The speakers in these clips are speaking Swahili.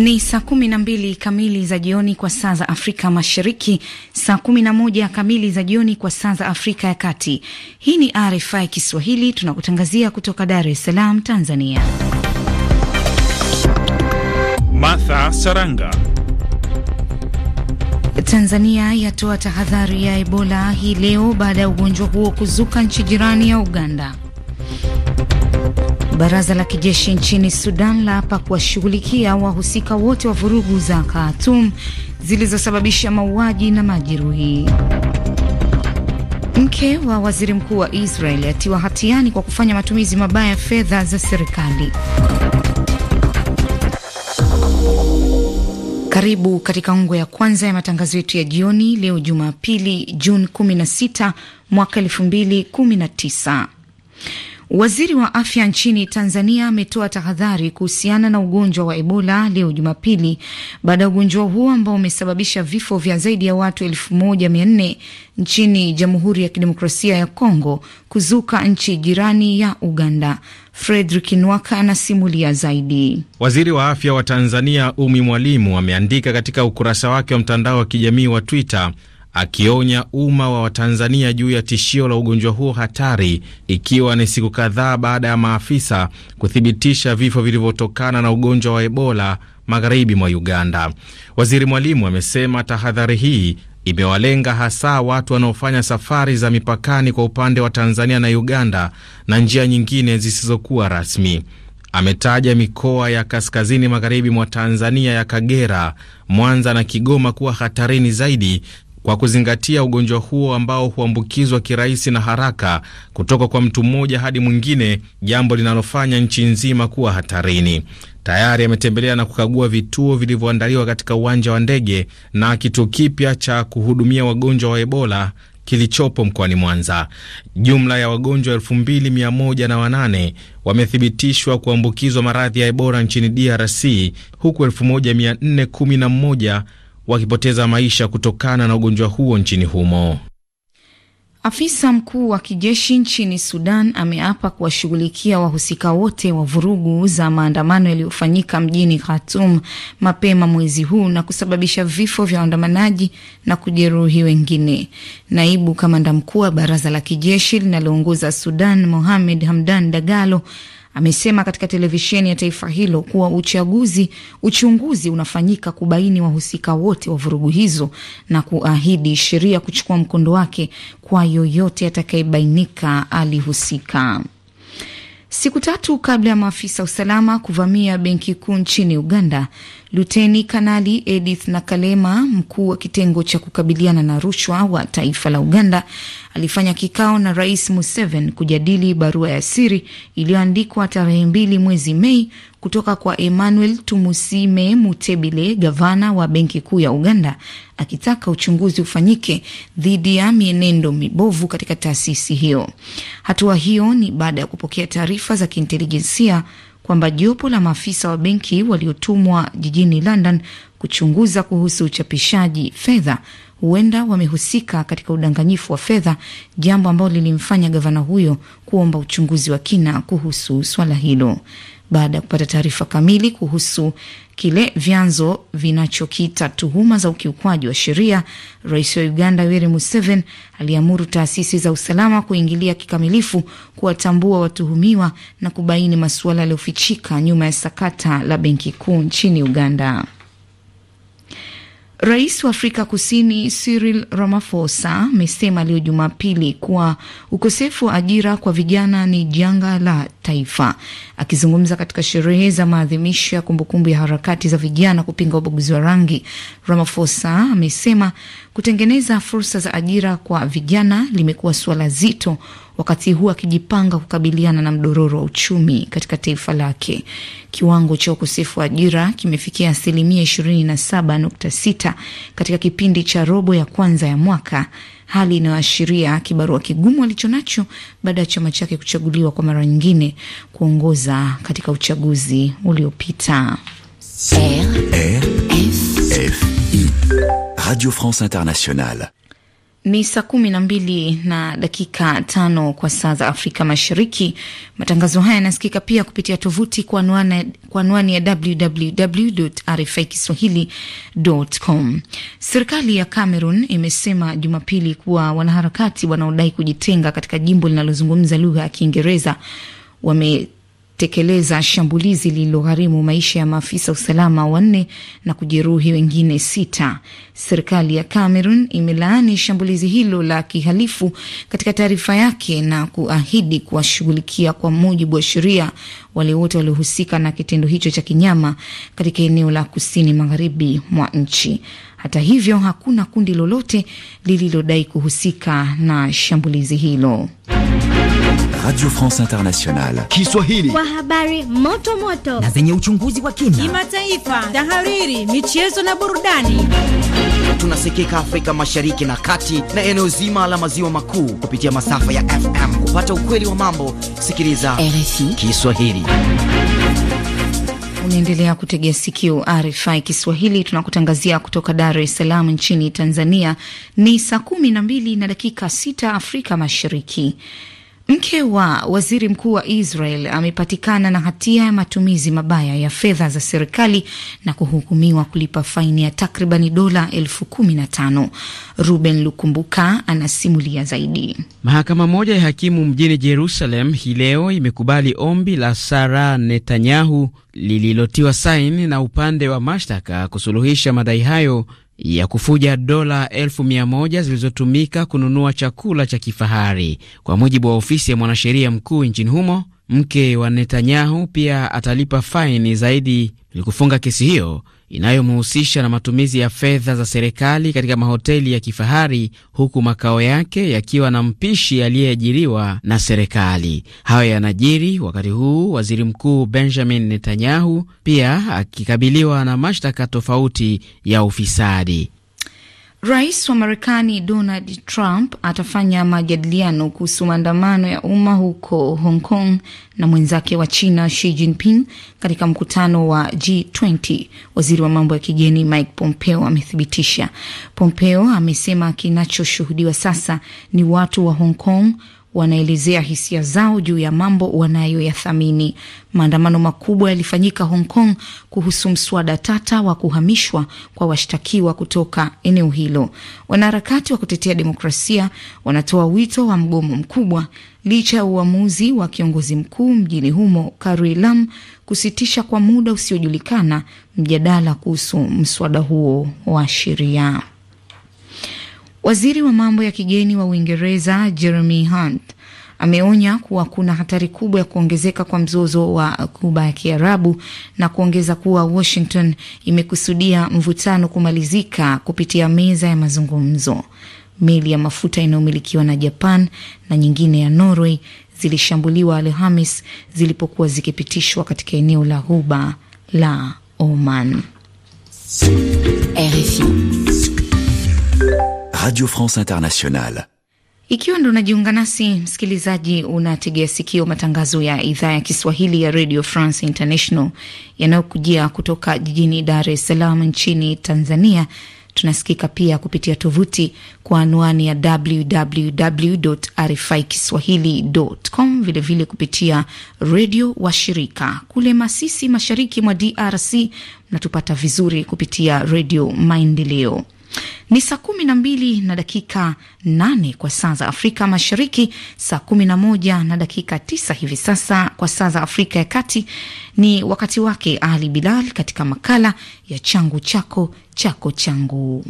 Ni saa kumi na mbili kamili za jioni kwa saa za Afrika Mashariki, saa kumi na moja kamili za jioni kwa saa za Afrika ya Kati. Hii ni RFI Kiswahili, tunakutangazia kutoka Dar es Salaam, Tanzania. Martha Saranga. Tanzania yatoa tahadhari ya Ebola hii leo baada ya ugonjwa huo kuzuka nchi jirani ya Uganda. Baraza la kijeshi nchini Sudan la hapa kuwashughulikia wahusika wote wa vurugu za Khartoum zilizosababisha mauaji na majeruhi. Mke wa waziri mkuu wa israel atiwa hatiani kwa kufanya matumizi mabaya ya fedha za serikali. Karibu katika ungo ya kwanza ya matangazo yetu ya jioni leo Jumapili, Juni 16 mwaka 2019. Waziri wa afya nchini Tanzania ametoa tahadhari kuhusiana na ugonjwa wa Ebola leo Jumapili, baada ya ugonjwa huo ambao umesababisha vifo vya zaidi ya watu elfu moja mia nne nchini Jamhuri ya Kidemokrasia ya Kongo kuzuka nchi jirani ya Uganda. Fredrik Nwaka anasimulia zaidi. Waziri wa afya wa Tanzania Umi Mwalimu ameandika katika ukurasa wake wa mtandao wa kijamii wa Twitter akionya umma wa Watanzania juu ya tishio la ugonjwa huo hatari, ikiwa ni siku kadhaa baada ya maafisa kuthibitisha vifo vilivyotokana na ugonjwa wa Ebola magharibi mwa Uganda. Waziri Mwalimu amesema tahadhari hii imewalenga hasa watu wanaofanya safari za mipakani kwa upande wa Tanzania na Uganda na njia nyingine zisizokuwa rasmi. Ametaja mikoa ya kaskazini magharibi mwa Tanzania ya Kagera, Mwanza na Kigoma kuwa hatarini zaidi kwa kuzingatia ugonjwa huo ambao huambukizwa kirahisi na haraka kutoka kwa mtu mmoja hadi mwingine, jambo linalofanya nchi nzima kuwa hatarini. Tayari ametembelea na kukagua vituo vilivyoandaliwa katika uwanja wa ndege na kituo kipya cha kuhudumia wagonjwa wa Ebola kilichopo mkoani Mwanza. Jumla ya wagonjwa 2108 wamethibitishwa kuambukizwa maradhi ya Ebola nchini DRC, huku 1411 wakipoteza maisha kutokana na ugonjwa huo nchini humo. Afisa mkuu wa kijeshi nchini Sudan ameapa kuwashughulikia wahusika wote wa vurugu za maandamano yaliyofanyika mjini Khartoum mapema mwezi huu na kusababisha vifo vya waandamanaji na kujeruhi wengine. Naibu kamanda mkuu wa baraza la kijeshi linaloongoza Sudan, Mohamed Hamdan Dagalo amesema katika televisheni ya taifa hilo kuwa uchaguzi uchunguzi unafanyika kubaini wahusika wote wa vurugu hizo na kuahidi sheria kuchukua mkondo wake kwa yoyote atakayebainika alihusika. Siku tatu kabla ya maafisa usalama kuvamia benki kuu nchini Uganda, Luteni Kanali Edith Nakalema, mkuu wa kitengo cha kukabiliana na rushwa wa taifa la Uganda, alifanya kikao na Rais Museveni kujadili barua ya siri iliyoandikwa tarehe mbili mwezi Mei kutoka kwa Emmanuel Tumusime Mutebile, gavana wa Benki Kuu ya Uganda, akitaka uchunguzi ufanyike dhidi ya mienendo mibovu katika taasisi hiyo. Hatua hiyo ni baada ya kupokea taarifa za kiintelijensia kwamba jopo la maafisa wa benki waliotumwa jijini London kuchunguza kuhusu uchapishaji fedha huenda wamehusika katika udanganyifu wa fedha, jambo ambalo lilimfanya gavana huyo kuomba uchunguzi wa kina kuhusu swala hilo baada ya kupata taarifa kamili kuhusu kile vyanzo vinachokita tuhuma za ukiukwaji wa sheria, rais wa Uganda Yoweri Museveni aliamuru taasisi za usalama kuingilia kikamilifu kuwatambua watuhumiwa na kubaini masuala yaliyofichika nyuma ya sakata la benki kuu nchini Uganda. Rais wa Afrika Kusini Cyril Ramaphosa amesema leo Jumapili kuwa ukosefu wa ajira kwa vijana ni janga la taifa. Akizungumza katika sherehe za maadhimisho ya kumbukumbu ya harakati za vijana kupinga ubaguzi wa rangi, Ramaphosa amesema kutengeneza fursa za ajira kwa vijana limekuwa suala zito wakati huu akijipanga kukabiliana na mdororo wa uchumi katika taifa lake. Kiwango cha ukosefu wa ajira kimefikia asilimia 27.6 katika kipindi cha robo ya kwanza ya mwaka, hali inayoashiria kibarua kigumu alichonacho baada ya chama chake kuchaguliwa kwa mara nyingine kuongoza katika uchaguzi uliopita. Radio France Internationale. Ni saa kumi na mbili na dakika tano kwa saa za Afrika Mashariki. Matangazo haya yanasikika pia kupitia tovuti kwa anwani ya www RFI Kiswahili.com. Serikali ya Cameroon imesema Jumapili kuwa wanaharakati wanaodai kujitenga katika jimbo linalozungumza lugha ya Kiingereza wame tekeleza shambulizi lililogharimu maisha ya maafisa usalama wanne na kujeruhi wengine sita. Serikali ya Cameroon imelaani shambulizi hilo la kihalifu katika taarifa yake na kuahidi kuwashughulikia kwa mujibu wa sheria wale wote waliohusika na kitendo hicho cha kinyama katika eneo la kusini magharibi mwa nchi. Hata hivyo, hakuna kundi lolote lililodai kuhusika na shambulizi hilo. Radio France Internationale Kiswahili, kwa habari moto moto na zenye uchunguzi wa kina, kimataifa, tahariri, michezo na burudani tunasikika Afrika Mashariki na Kati na eneo zima la maziwa makuu kupitia masafa ya FM. Kupata ukweli wa mambo, sikiliza RFI Kiswahili. Unaendelea kutegea sikio RFI Kiswahili, tunakutangazia kutoka Dar es Salaam nchini Tanzania. Ni saa kumi na mbili na dakika sita Afrika Mashariki. Mke wa waziri mkuu wa Israel amepatikana na hatia ya matumizi mabaya ya fedha za serikali na kuhukumiwa kulipa faini ya takribani dola elfu kumi na tano. Ruben Lukumbuka anasimulia zaidi. Mahakama moja ya hakimu mjini Jerusalem hii leo imekubali ombi la Sara Netanyahu lililotiwa saini na upande wa mashtaka kusuluhisha madai hayo ya kufuja dola elfu mia moja zilizotumika kununua chakula cha kifahari. Kwa mujibu wa ofisi ya mwanasheria mkuu nchini humo, mke wa Netanyahu pia atalipa faini zaidi ili kufunga kesi hiyo inayomhusisha na matumizi ya fedha za serikali katika mahoteli ya kifahari huku makao yake yakiwa na mpishi aliyeajiriwa na serikali. Hayo yanajiri wakati huu waziri mkuu Benjamin Netanyahu pia akikabiliwa na mashtaka tofauti ya ufisadi. Rais wa Marekani Donald Trump atafanya majadiliano kuhusu maandamano ya umma huko Hong Kong na mwenzake wa China Xi Jinping katika mkutano wa G20. Waziri wa mambo ya kigeni Mike Pompeo amethibitisha. Pompeo amesema kinachoshuhudiwa sasa ni watu wa Hong Kong wanaelezea hisia zao juu ya mambo wanayoyathamini. Maandamano makubwa yalifanyika Hong Kong kuhusu mswada tata wa kuhamishwa kwa washtakiwa kutoka eneo hilo. Wanaharakati wa kutetea demokrasia wanatoa wito wa mgomo mkubwa licha ya uamuzi wa kiongozi mkuu mjini humo Carrie Lam kusitisha kwa muda usiojulikana mjadala kuhusu mswada huo wa sheria. Waziri wa mambo ya kigeni wa Uingereza Jeremy Hunt ameonya kuwa kuna hatari kubwa ya kuongezeka kwa mzozo wa Kuba ya Kiarabu na kuongeza kuwa Washington imekusudia mvutano kumalizika kupitia meza ya mazungumzo. Meli ya mafuta inayomilikiwa na Japan na nyingine ya Norway zilishambuliwa Alhamis zilipokuwa zikipitishwa katika eneo la Ghuba la Oman. RFI. Radio France Internationale. Ikiwa ndo unajiunga nasi msikilizaji, unategea sikio matangazo ya idhaa ya Kiswahili ya Radio France International yanayokujia kutoka jijini Dar es Salaam nchini Tanzania. Tunasikika pia kupitia tovuti kwa anwani ya www RFI kiswahilicom, vilevile kupitia redio wa shirika kule Masisi, mashariki mwa DRC. Mnatupata vizuri kupitia Redio Maendeleo. Ni saa kumi na mbili na dakika nane kwa saa za Afrika Mashariki, saa kumi na moja na dakika tisa hivi sasa kwa saa za Afrika ya Kati. Ni wakati wake Ali Bilal katika makala ya changu chako chako changu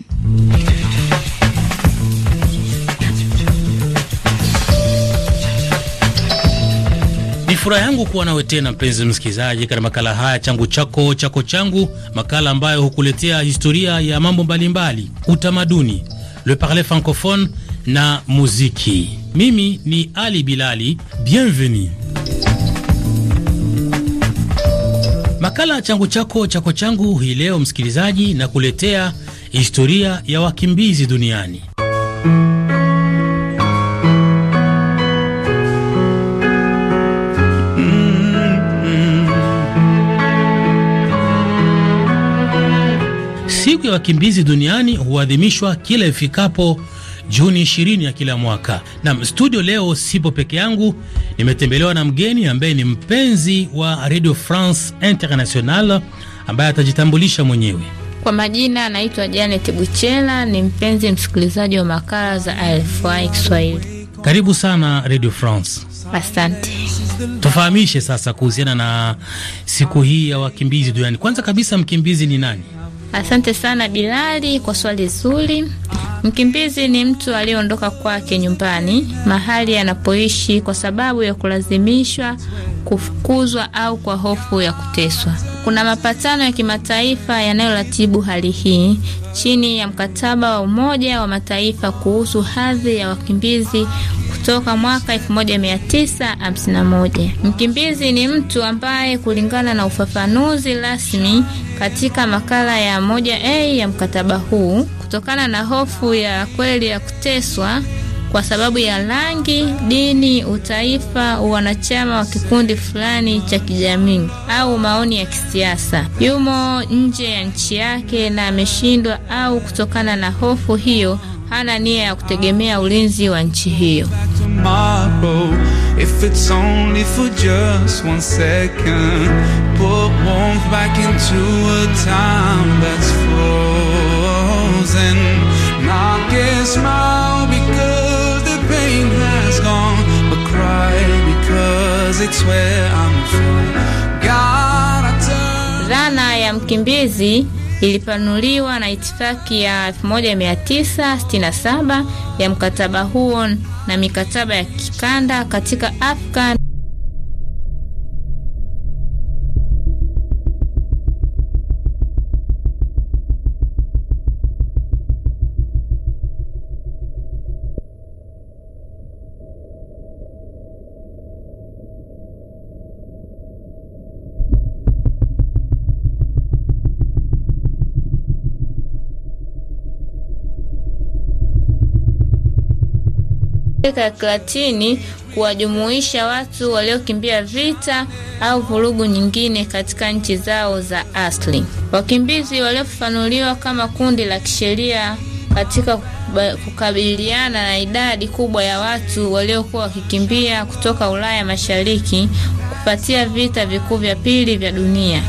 furaha yangu kuwa nawe tena mpenzi msikilizaji, katika makala haya changu chako chako changu, makala ambayo hukuletea historia ya mambo mbalimbali, utamaduni, le parler francophone na muziki. Mimi ni Ali Bilali, bienvenue. Makala changu chako chako changu hii leo msikilizaji, na kuletea historia ya wakimbizi duniani Siku ya wakimbizi duniani huadhimishwa kila ifikapo Juni 20 ya kila mwaka. Nam studio leo sipo peke yangu, nimetembelewa na mgeni ambaye ni mpenzi wa Radio France International ambaye atajitambulisha mwenyewe. Kwa majina anaitwa Janet Buchela, ni mpenzi msikilizaji wa makala za RFI Kiswahili. Karibu sana Radio France. Asante. Tufahamishe sasa kuhusiana na siku hii ya wakimbizi duniani. Kwanza kabisa, mkimbizi ni nani? Asante sana Bilali kwa swali zuri. Mkimbizi ni mtu aliyeondoka kwake nyumbani, mahali anapoishi kwa sababu ya kulazimishwa, kufukuzwa au kwa hofu ya kuteswa. Kuna mapatano ya kimataifa yanayoratibu hali hii chini ya mkataba wa Umoja wa Mataifa kuhusu hadhi ya wakimbizi kutoka mwaka 1951. Mkimbizi ni mtu ambaye kulingana na ufafanuzi rasmi katika makala ya 1A ya mkataba huu kutokana na hofu ya kweli ya kuteswa kwa sababu ya rangi, dini, utaifa, wanachama wa kikundi fulani cha kijamii au maoni ya kisiasa. Yumo nje ya nchi yake na ameshindwa au kutokana na hofu hiyo hana nia ya kutegemea ulinzi wa nchi hiyo eyes not get smile because the pain has gone, but cry because it's where I'm from. God, I turn. Dhana ya mkimbizi ilipanuliwa na itifaki ya 1967 ya mkataba huo na mikataba ya kikanda katika Afghan ya Kilatini kuwajumuisha watu waliokimbia vita au vurugu nyingine katika nchi zao za asili. Wakimbizi waliofafanuliwa kama kundi la kisheria katika kukabiliana na idadi kubwa ya watu waliokuwa wakikimbia kutoka Ulaya Mashariki kupatia vita vikuu vya pili vya dunia.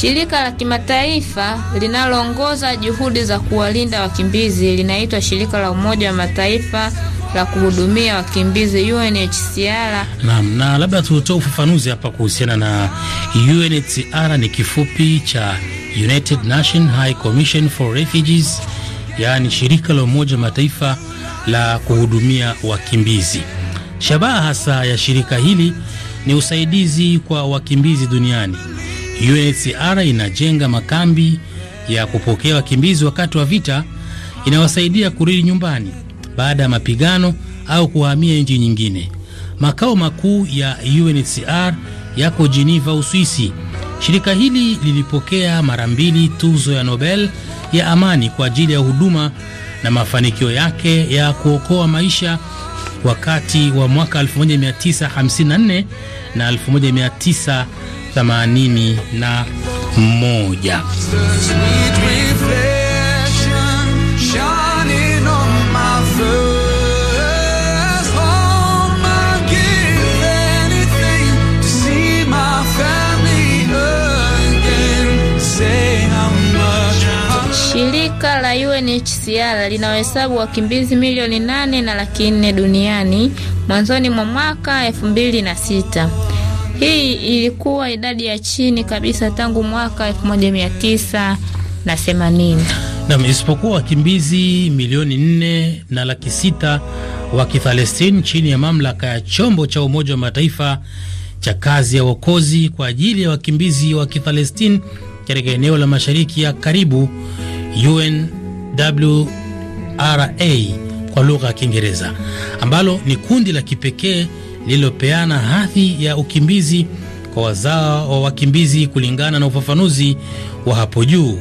Shirika la kimataifa linaloongoza juhudi za kuwalinda wakimbizi linaitwa Shirika la Umoja wa Mataifa la kuhudumia wakimbizi UNHCR. Naam, na labda tutoe ufafanuzi hapa kuhusiana na UNHCR. Ni kifupi cha United Nations High Commission for Refugees yaani shirika la Umoja Mataifa la kuhudumia wakimbizi. Shabaha hasa ya shirika hili ni usaidizi kwa wakimbizi duniani. UNHCR inajenga makambi ya kupokea wakimbizi wakati wa vita, inawasaidia kurudi nyumbani baada ya mapigano au kuhamia nchi nyingine. Makao makuu ya UNHCR yako Geneva, Uswisi. Shirika hili lilipokea mara mbili tuzo ya Nobel ya amani kwa ajili ya huduma na mafanikio yake ya kuokoa maisha wakati wa mwaka 1954 na 1981. UNHCR linawahesabu wakimbizi milioni nane na laki nne duniani mwanzoni mwa mwaka elfu mbili na sita. Hii ilikuwa idadi ya chini kabisa tangu mwaka elfu moja mia tisa na themanini. Nam, isipokuwa wakimbizi milioni nne na laki sita wa Kifalestini chini ya mamlaka ya chombo cha Umoja wa Mataifa cha kazi ya uokozi kwa ajili ya wakimbizi wa Kifalestini katika eneo la Mashariki ya Karibu UN WRA kwa lugha ya Kiingereza, ambalo ni kundi la kipekee lililopeana hadhi ya ukimbizi kwa wazao wa wakimbizi kulingana na ufafanuzi wa hapo juu.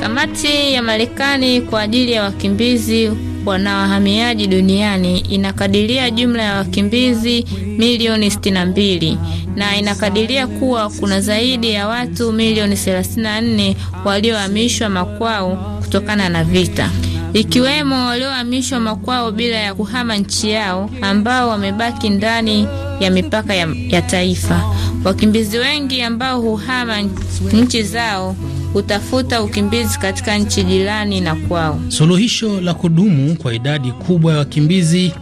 Kamati ya Marekani kwa ajili ya wakimbizi kubwa na wahamiaji duniani inakadiria jumla ya wakimbizi milioni 62 na inakadiria kuwa kuna zaidi ya watu milioni 34 waliohamishwa makwao kutokana na vita ikiwemo waliohamishwa makwao bila ya kuhama nchi yao ambao wamebaki ndani ya mipaka ya, ya taifa. Wakimbizi wengi ambao huhama nchi zao hutafuta ukimbizi katika nchi jirani na kwao. Suluhisho la kudumu kwa idadi kubwa ya wakimbizi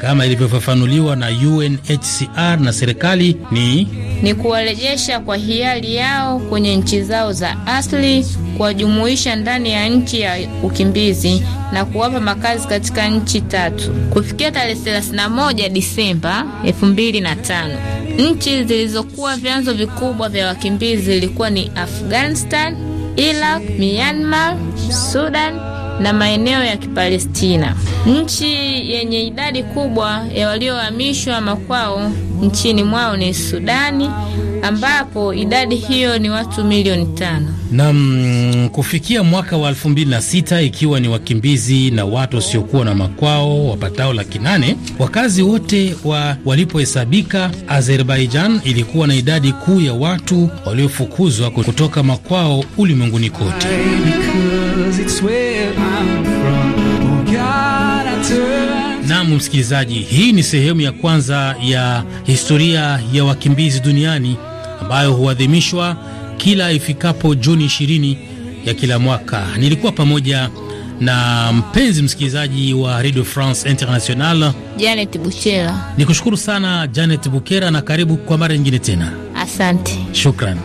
kama ilivyofafanuliwa na UNHCR na serikali ni ni kuwarejesha kwa hiari yao kwenye nchi zao za asili, kuwajumuisha ndani ya nchi ya ukimbizi na kuwapa makazi katika nchi tatu kufikia tarehe 31 Disemba 2005. Nchi zilizokuwa vyanzo vikubwa vya wakimbizi zilikuwa ni Afghanistan Iraq, Myanmar, Sudan na maeneo ya Kipalestina, nchi yenye idadi kubwa ya waliohamishwa makwao nchini mwao ni Sudani ambapo idadi hiyo ni watu milioni tano. Nam, kufikia mwaka wa 2006 ikiwa ni wakimbizi na watu wasiokuwa na makwao wapatao laki nane, wakazi wote wa walipohesabika, Azerbaijan ilikuwa na idadi kuu ya watu waliofukuzwa kutoka makwao ulimwenguni kote. Naam, msikilizaji, hii ni sehemu ya kwanza ya historia ya wakimbizi duniani ambayo huadhimishwa kila ifikapo Juni 20 ya kila mwaka. Nilikuwa pamoja na mpenzi msikilizaji wa Radio France International Janet Bukera. Nikushukuru sana Janet Bukera na karibu kwa mara nyingine tena. Asante. Shukrani.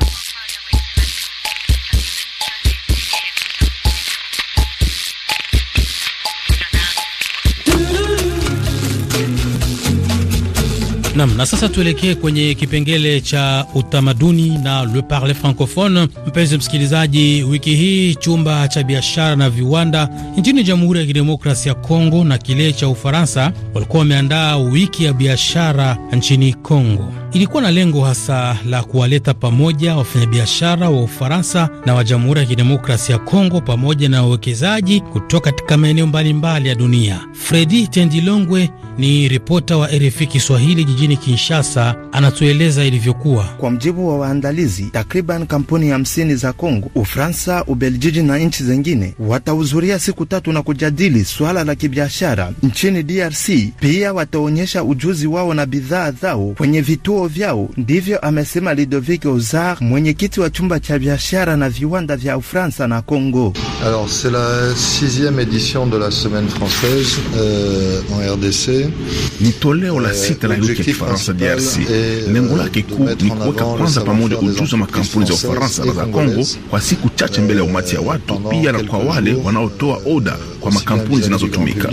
Nam, na sasa tuelekee kwenye kipengele cha utamaduni na le parle francophone. Mpenzi msikilizaji, wiki hii chumba cha biashara na viwanda nchini Jamhuri ya Kidemokrasia ya Kongo na kile cha Ufaransa walikuwa wameandaa wiki ya biashara nchini Kongo. Ilikuwa na lengo hasa la kuwaleta pamoja wafanyabiashara wa Ufaransa na wa Jamhuri ya Kidemokrasia ya Kongo pamoja na wawekezaji kutoka katika maeneo mbalimbali ya dunia. Fredi Tendilongwe ni ripota wa RFI Kiswahili jijini mjini Kinshasa anatueleza ilivyokuwa. Kwa mjibu wa waandalizi, takriban kampuni hamsini za Kongo, Ufaransa, Ubelgiji na nchi zingine watahudhuria siku tatu na kujadili swala la kibiashara nchini DRC. Pia wataonyesha ujuzi wao na bidhaa zao kwenye vituo vyao, ndivyo amesema Ludovic Ozar, mwenyekiti wa chumba cha biashara na viwanda vya Ufaransa na Kongo. Alors, c'est la sixième édition de la semaine française, euh, en RDC. Ni toleo la sita la wiki euh, Ufaransa DRC. Euh, Lengo lake kuu ni kuweka kwanza pamoja ujuzi wa makampuni za Ufaransa na za Kongo kwa siku chache mbele ya euh, umati ya watu, pia na kwa wale wanaotoa oda euh, kwa makampuni zinazotumika.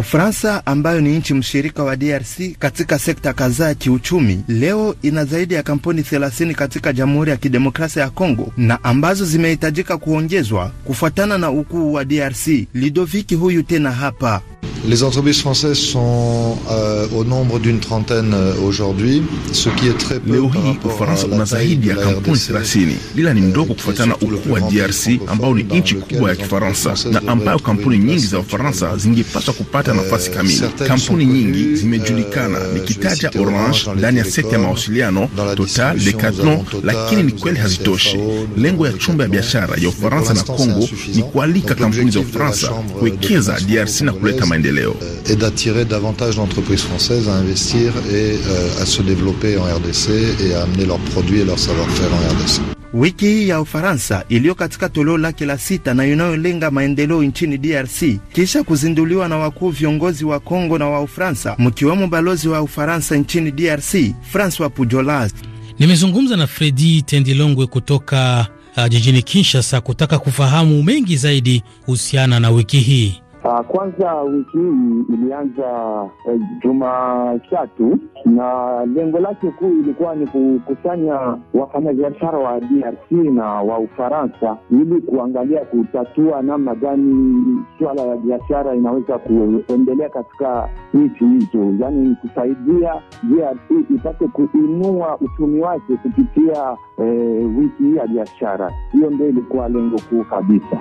Ufaransa ambayo ni nchi mshirika wa DRC katika sekta kadhaa ya kiuchumi, leo ina zaidi ya kampuni 30 katika Jamhuri ya Kidemokrasia ya Kongo na ambazo zimehitajika kuongezwa kufuatana na ukuu wa DRC. Lidoviki huyu tena hapa Les françaises sont euh, au nombre d'une trentaine euh, aujourd'hui, ce qui est très peu. Leo hii Ufaransa una zaidi ya kampuni 30 ila ni mdogo euh, kufuatana ukuu wa DRC ambao ni nchi kubwa ya Kifaransa na ambayo kampuni nyingi za Ufaransa zingepaswa kupata euh, nafasi kamili. Kampuni nyingi zimejulikana, nikitaja Orange ndani ya sekta ya mawasiliano, Total, Decathlon, lakini ni kweli hazitoshi. Lengo ya chumba ya biashara ya Ufaransa na Kongo ni kualika kampuni za Ufaransa kuwekeza DRC na kuleta maendeleo et d'attirer davantage d'entreprises françaises à investir et euh, à se développer en RDC et à amener leurs produits et leur savoir-faire en RDC. Wiki hii ya Ufaransa iliyo katika toleo lake la sita na inayolenga maendeleo nchini DRC kisha kuzinduliwa na wakuu viongozi wa Kongo na wa Ufaransa mkiwemo balozi wa Ufaransa nchini DRC Francois Pujolas. Nimezungumza na Fredi Tendilongwe kutoka uh, jijini Kinshasa kutaka kufahamu mengi zaidi kuhusiana na wiki hii. Uh, kwanza wiki hii ilianza uh, eh, Jumatatu na lengo lake kuu ilikuwa ni kukusanya wafanyabiashara wa DRC na wa Ufaransa ili kuangalia kutatua namna gani suala ya biashara inaweza kuendelea katika nchi hizo, yaani kusaidia DRC ipate kuinua uchumi wake kupitia eh, wiki hii ya biashara. Hiyo ndio ilikuwa lengo kuu kabisa.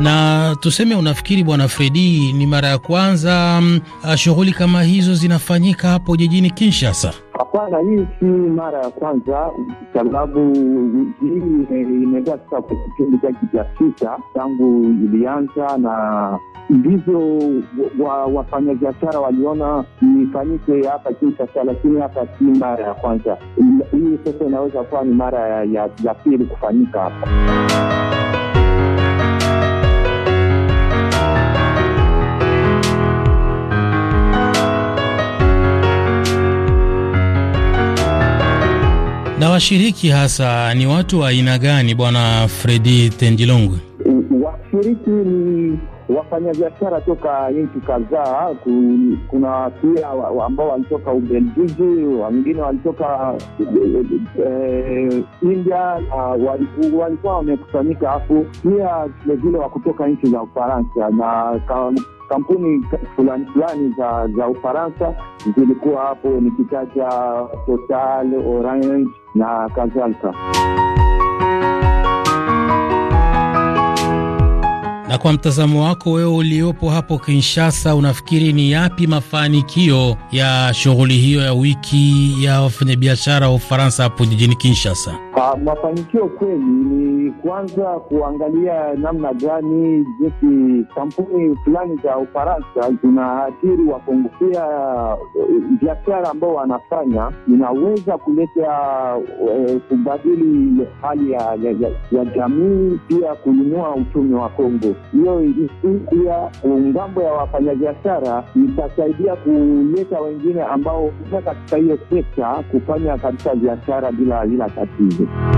Na tuseme, unafikiri bwana Fredi, ni mara ya kwanza mm, shughuli kama hizo zinafanyika hapo jijini Kinshasa? Hapana, hii si mara ya kwanza, sababu hii imekuwa sasa kwa kipindi chake cha sita tangu ilianza, na ndivyo wafanyabiashara waliona ifanyike hapa Kinshasa, lakini hapa si mara ya kwanza. Hii sasa inaweza kuwa ni mara ya pili kufanyika hapa. Na washiriki hasa ni watu wa aina gani, bwana Fredi Tendilongwe? Washiriki ni wafanyabiashara toka nchi kadhaa. Kuna pia ambao walitoka Ubelgiji, wengine walitoka eh, India na walikuwa wamekusanyika hapo, pia vilevile wa kutoka nchi za Ufaransa na kampuni fulani fulani za za Ufaransa zilikuwa hapo, nikitaja Total, Orange na kadhalika. Na kwa mtazamo wako wewe uliopo hapo Kinshasa, unafikiri ni yapi mafanikio ya shughuli hiyo ya wiki ya wafanyabiashara wa Ufaransa hapo jijini Kinshasa? Ah, mafanikio kweli ni kwanza kuangalia namna gani jinsi kampuni fulani za Ufaransa zinaathiri wakongofia eh, biashara uh, ambao wanafanya inaweza kuleta uh, kubadili hali ya, ya, ya, ya jamii, pia kuinua uchumi wa Kongo. Hiyo pia eh, ngambo ya wafanyabiashara itasaidia kuleta wengine ambao katika hiyo sekta kufanya katika biashara bila bila tatizo. Merci.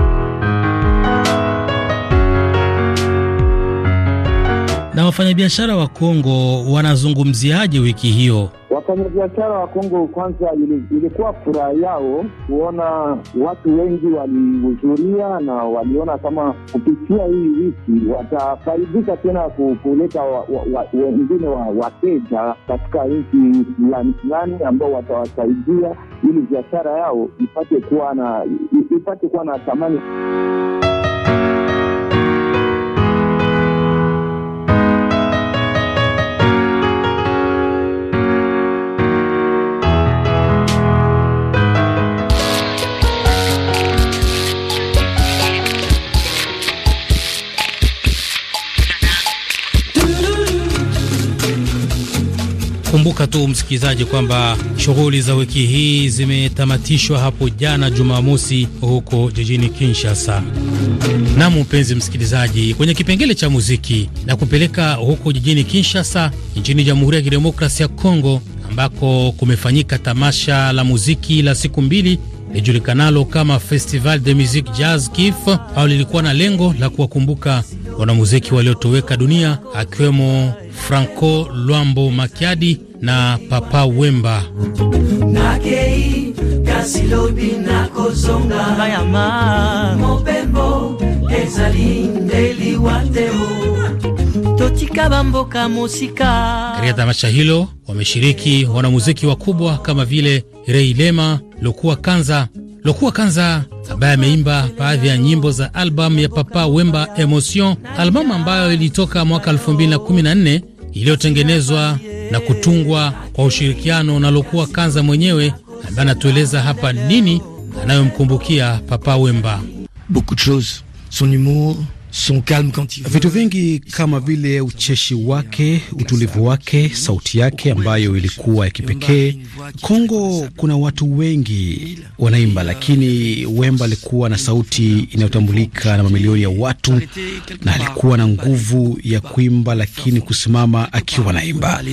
Na wafanyabiashara wa Kongo wanazungumziaje wiki hiyo? wafanyabiashara wa Kongo kwanza, ilikuwa furaha yao kuona watu wengi walihudhuria na waliona kama kupitia hii wiki watafaidika tena kuleta wengine wa, wa, wa, wateja katika nchi fulani fulani ambao watawasaidia ili biashara yao ipate kuwa na, ipate kuwa na thamani. tu msikilizaji, kwamba shughuli za wiki hii zimetamatishwa hapo jana Jumamosi huko jijini Kinshasa. Na mpenzi msikilizaji, kwenye kipengele cha muziki na kupeleka huko jijini Kinshasa nchini Jamhuri ya Kidemokrasia ya Kongo ambako kumefanyika tamasha la muziki la siku mbili lijulikanalo kama Festival de Musique Jazz KIF, au lilikuwa na lengo la kuwakumbuka wanamuziki waliotoweka dunia akiwemo Franco Luambo Makiadi na Papa Wemba katika tamasha hilo wameshiriki wanamuziki wakubwa kama vile Rei Lema, Lokua Kanza. Lokua Kanza ambaye ameimba baadhi ya nyimbo za albamu ya Papa Wemba Emotion, albamu ambayo ilitoka mwaka 2014 iliyotengenezwa na kutungwa kwa ushirikiano unalokuwa Kanza mwenyewe ambaye anatueleza hapa nini anayomkumbukia Papa Wemba. Beaucoup de choses son humour Vitu vingi kama vile ucheshi wake, utulivu wake, sauti yake ambayo ilikuwa ya kipekee. Kongo kuna watu wengi wanaimba, lakini Wemba alikuwa na sauti inayotambulika na mamilioni ya watu, na alikuwa na nguvu ya kuimba, lakini kusimama akiwa naimba.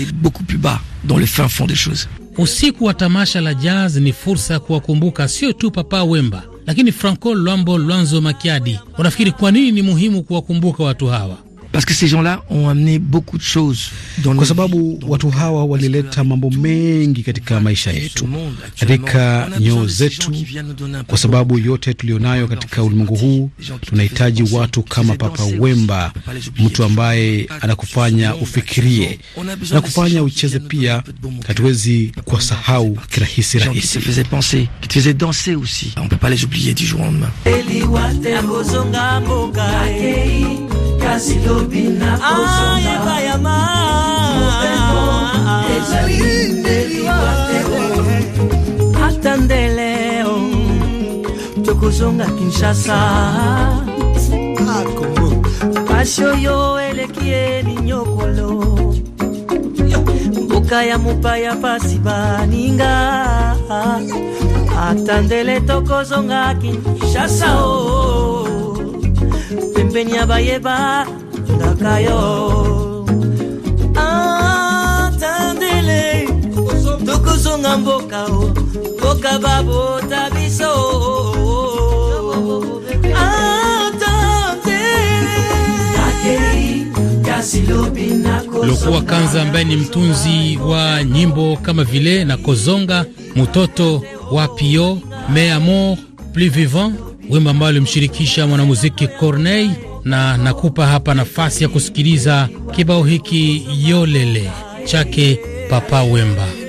Usiku wa tamasha la jazz ni fursa ya kuwakumbuka sio tu Papa Wemba lakini Franco Lwambo Lwanzo Makiadi, unafikiri kwa nini ni muhimu kuwakumbuka watu hawa? parce que ces gens-là ont amené beaucoup de choses dans kwa sababu dans watu hawa walileta mambo mengi katika maisha yetu, katika nyoo zetu, kwa sababu yote tuliyonayo katika ulimwengu huu, tunahitaji watu kama Papa Wemba, mtu ambaye anakufanya ufikirie na kufanya ucheze pia. Hatuwezi kuwasahau kirahisi rahisi hata ah, ndeleo oh. tokuzonga Kinshasa pasho yoelekie linyokolo mboka ya mopaya pasi baninga hata ndele tokozonga Kinshasa oh pembeni ya bayeba ndakayo atandele tokosonga mboka o mboka babota biso Lokuwa Kanza ambaye ni mtunzi wa nyimbo kama vile na Kozonga, Mutoto, Wapio, Mais Amour, Plus Vivant wimbo ambao alimshirikisha mwanamuziki Corneille, na nakupa hapa nafasi ya kusikiliza kibao hiki Yolele chake Papa Wemba.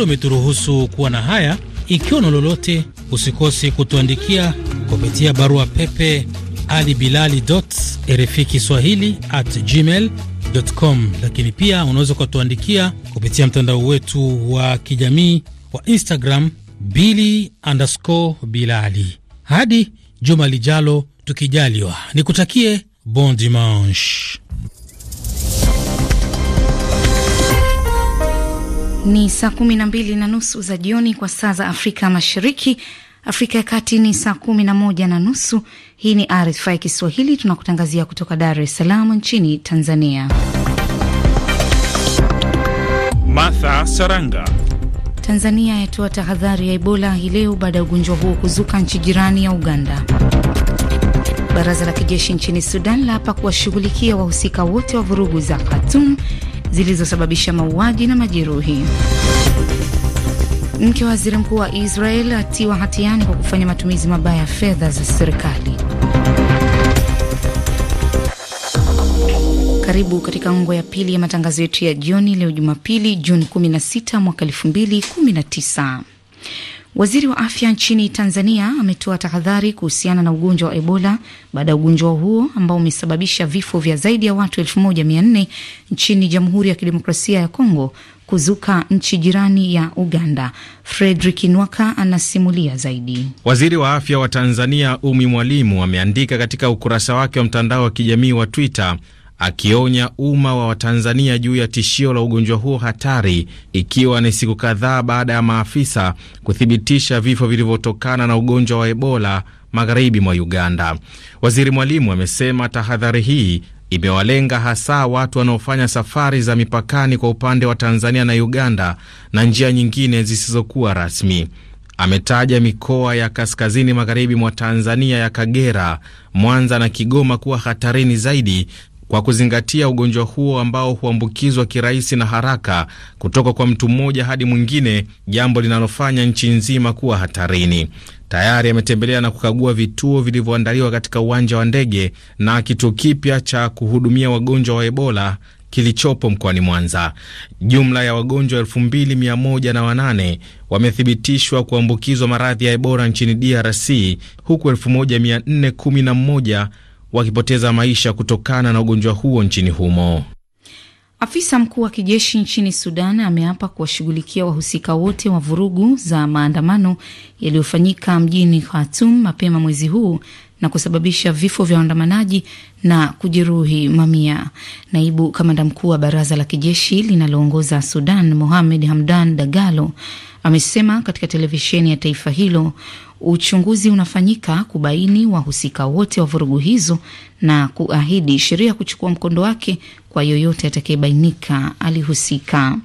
muda umeturuhusu kuwa na haya. Ikiwa na lolote, usikosi kutuandikia kupitia barua pepe ali bilali rfi kiswahili at gmail com, lakini pia unaweza ukatuandikia kupitia mtandao wetu wa kijamii wa Instagram bili underscore bilali. Hadi juma lijalo tukijaliwa, nikutakie bon dimanche. Ni saa kumi na mbili na nusu za jioni kwa saa za Afrika Mashariki. Afrika ya Kati ni saa kumi na moja na nusu. Hii ni RFI Kiswahili, tunakutangazia kutoka Dar es Salaam nchini Tanzania. Martha Saranga. Tanzania yatoa tahadhari ya Ebola hii leo baada ya ugonjwa huo kuzuka nchi jirani ya Uganda. Baraza la kijeshi nchini Sudan la hapa kuwashughulikia wahusika wote wa vurugu za Khartoum zilizosababisha mauaji na majeruhi. Mke wa waziri mkuu wa Israel atiwa hatiani kwa kufanya matumizi mabaya ya fedha za serikali. Karibu katika ngo ya pili ya matangazo yetu ya jioni leo Jumapili, Juni 16 mwaka 2019. Waziri wa afya nchini Tanzania ametoa tahadhari kuhusiana na ugonjwa wa Ebola baada ya ugonjwa huo ambao umesababisha vifo vya zaidi ya watu 1400 nchini Jamhuri ya Kidemokrasia ya Kongo kuzuka nchi jirani ya Uganda. Fredrik Nwaka anasimulia zaidi. Waziri wa afya wa Tanzania Umi Mwalimu ameandika katika ukurasa wake wa mtandao wa kijamii wa Twitter akionya umma wa Watanzania juu ya tishio la ugonjwa huo hatari, ikiwa ni siku kadhaa baada ya maafisa kuthibitisha vifo vilivyotokana na ugonjwa wa Ebola magharibi mwa Uganda. Waziri Mwalimu amesema tahadhari hii imewalenga hasa watu wanaofanya safari za mipakani kwa upande wa Tanzania na Uganda na njia nyingine zisizokuwa rasmi. Ametaja mikoa ya kaskazini magharibi mwa Tanzania ya Kagera, Mwanza na Kigoma kuwa hatarini zaidi kwa kuzingatia ugonjwa huo ambao huambukizwa kirahisi na haraka kutoka kwa mtu mmoja hadi mwingine, jambo linalofanya nchi nzima kuwa hatarini. Tayari ametembelea na kukagua vituo vilivyoandaliwa katika uwanja wa ndege na kituo kipya cha kuhudumia wagonjwa wa Ebola kilichopo mkoani Mwanza. Jumla ya wagonjwa 2108 wamethibitishwa kuambukizwa maradhi ya Ebola nchini DRC huku 1411 wakipoteza maisha kutokana na ugonjwa huo nchini humo. Afisa mkuu wa kijeshi nchini Sudan ameapa kuwashughulikia wahusika wote wa vurugu za maandamano yaliyofanyika mjini Khartoum mapema mwezi huu na kusababisha vifo vya waandamanaji na kujeruhi mamia. Naibu kamanda mkuu wa baraza la kijeshi linaloongoza Sudan, Mohamed Hamdan Dagalo, amesema katika televisheni ya taifa hilo Uchunguzi unafanyika kubaini wahusika wote wa vurugu hizo na kuahidi sheria kuchukua mkondo wake kwa yoyote atakayebainika alihusika.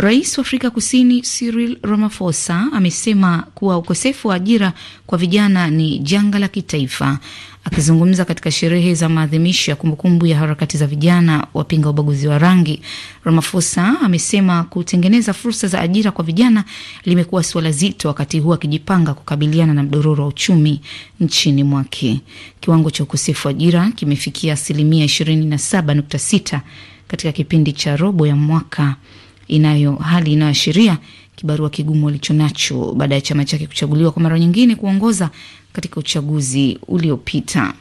Rais wa Afrika Kusini Cyril Ramaphosa amesema kuwa ukosefu wa ajira kwa vijana ni janga la kitaifa. Akizungumza katika sherehe za maadhimisho ya kumbukumbu ya harakati za vijana wapinga ubaguzi wa rangi, Ramaphosa amesema kutengeneza fursa za ajira kwa vijana limekuwa suala zito, wakati huu akijipanga kukabiliana na mdororo wa uchumi nchini mwake. Kiwango cha ukosefu wa ajira kimefikia asilimia 27.6 katika kipindi cha robo ya mwaka inayo hali inayoashiria kibarua kigumu nacho baada ya chama chake kuchaguliwa kwa mara nyingine kuongoza katika uchaguzi uliopita.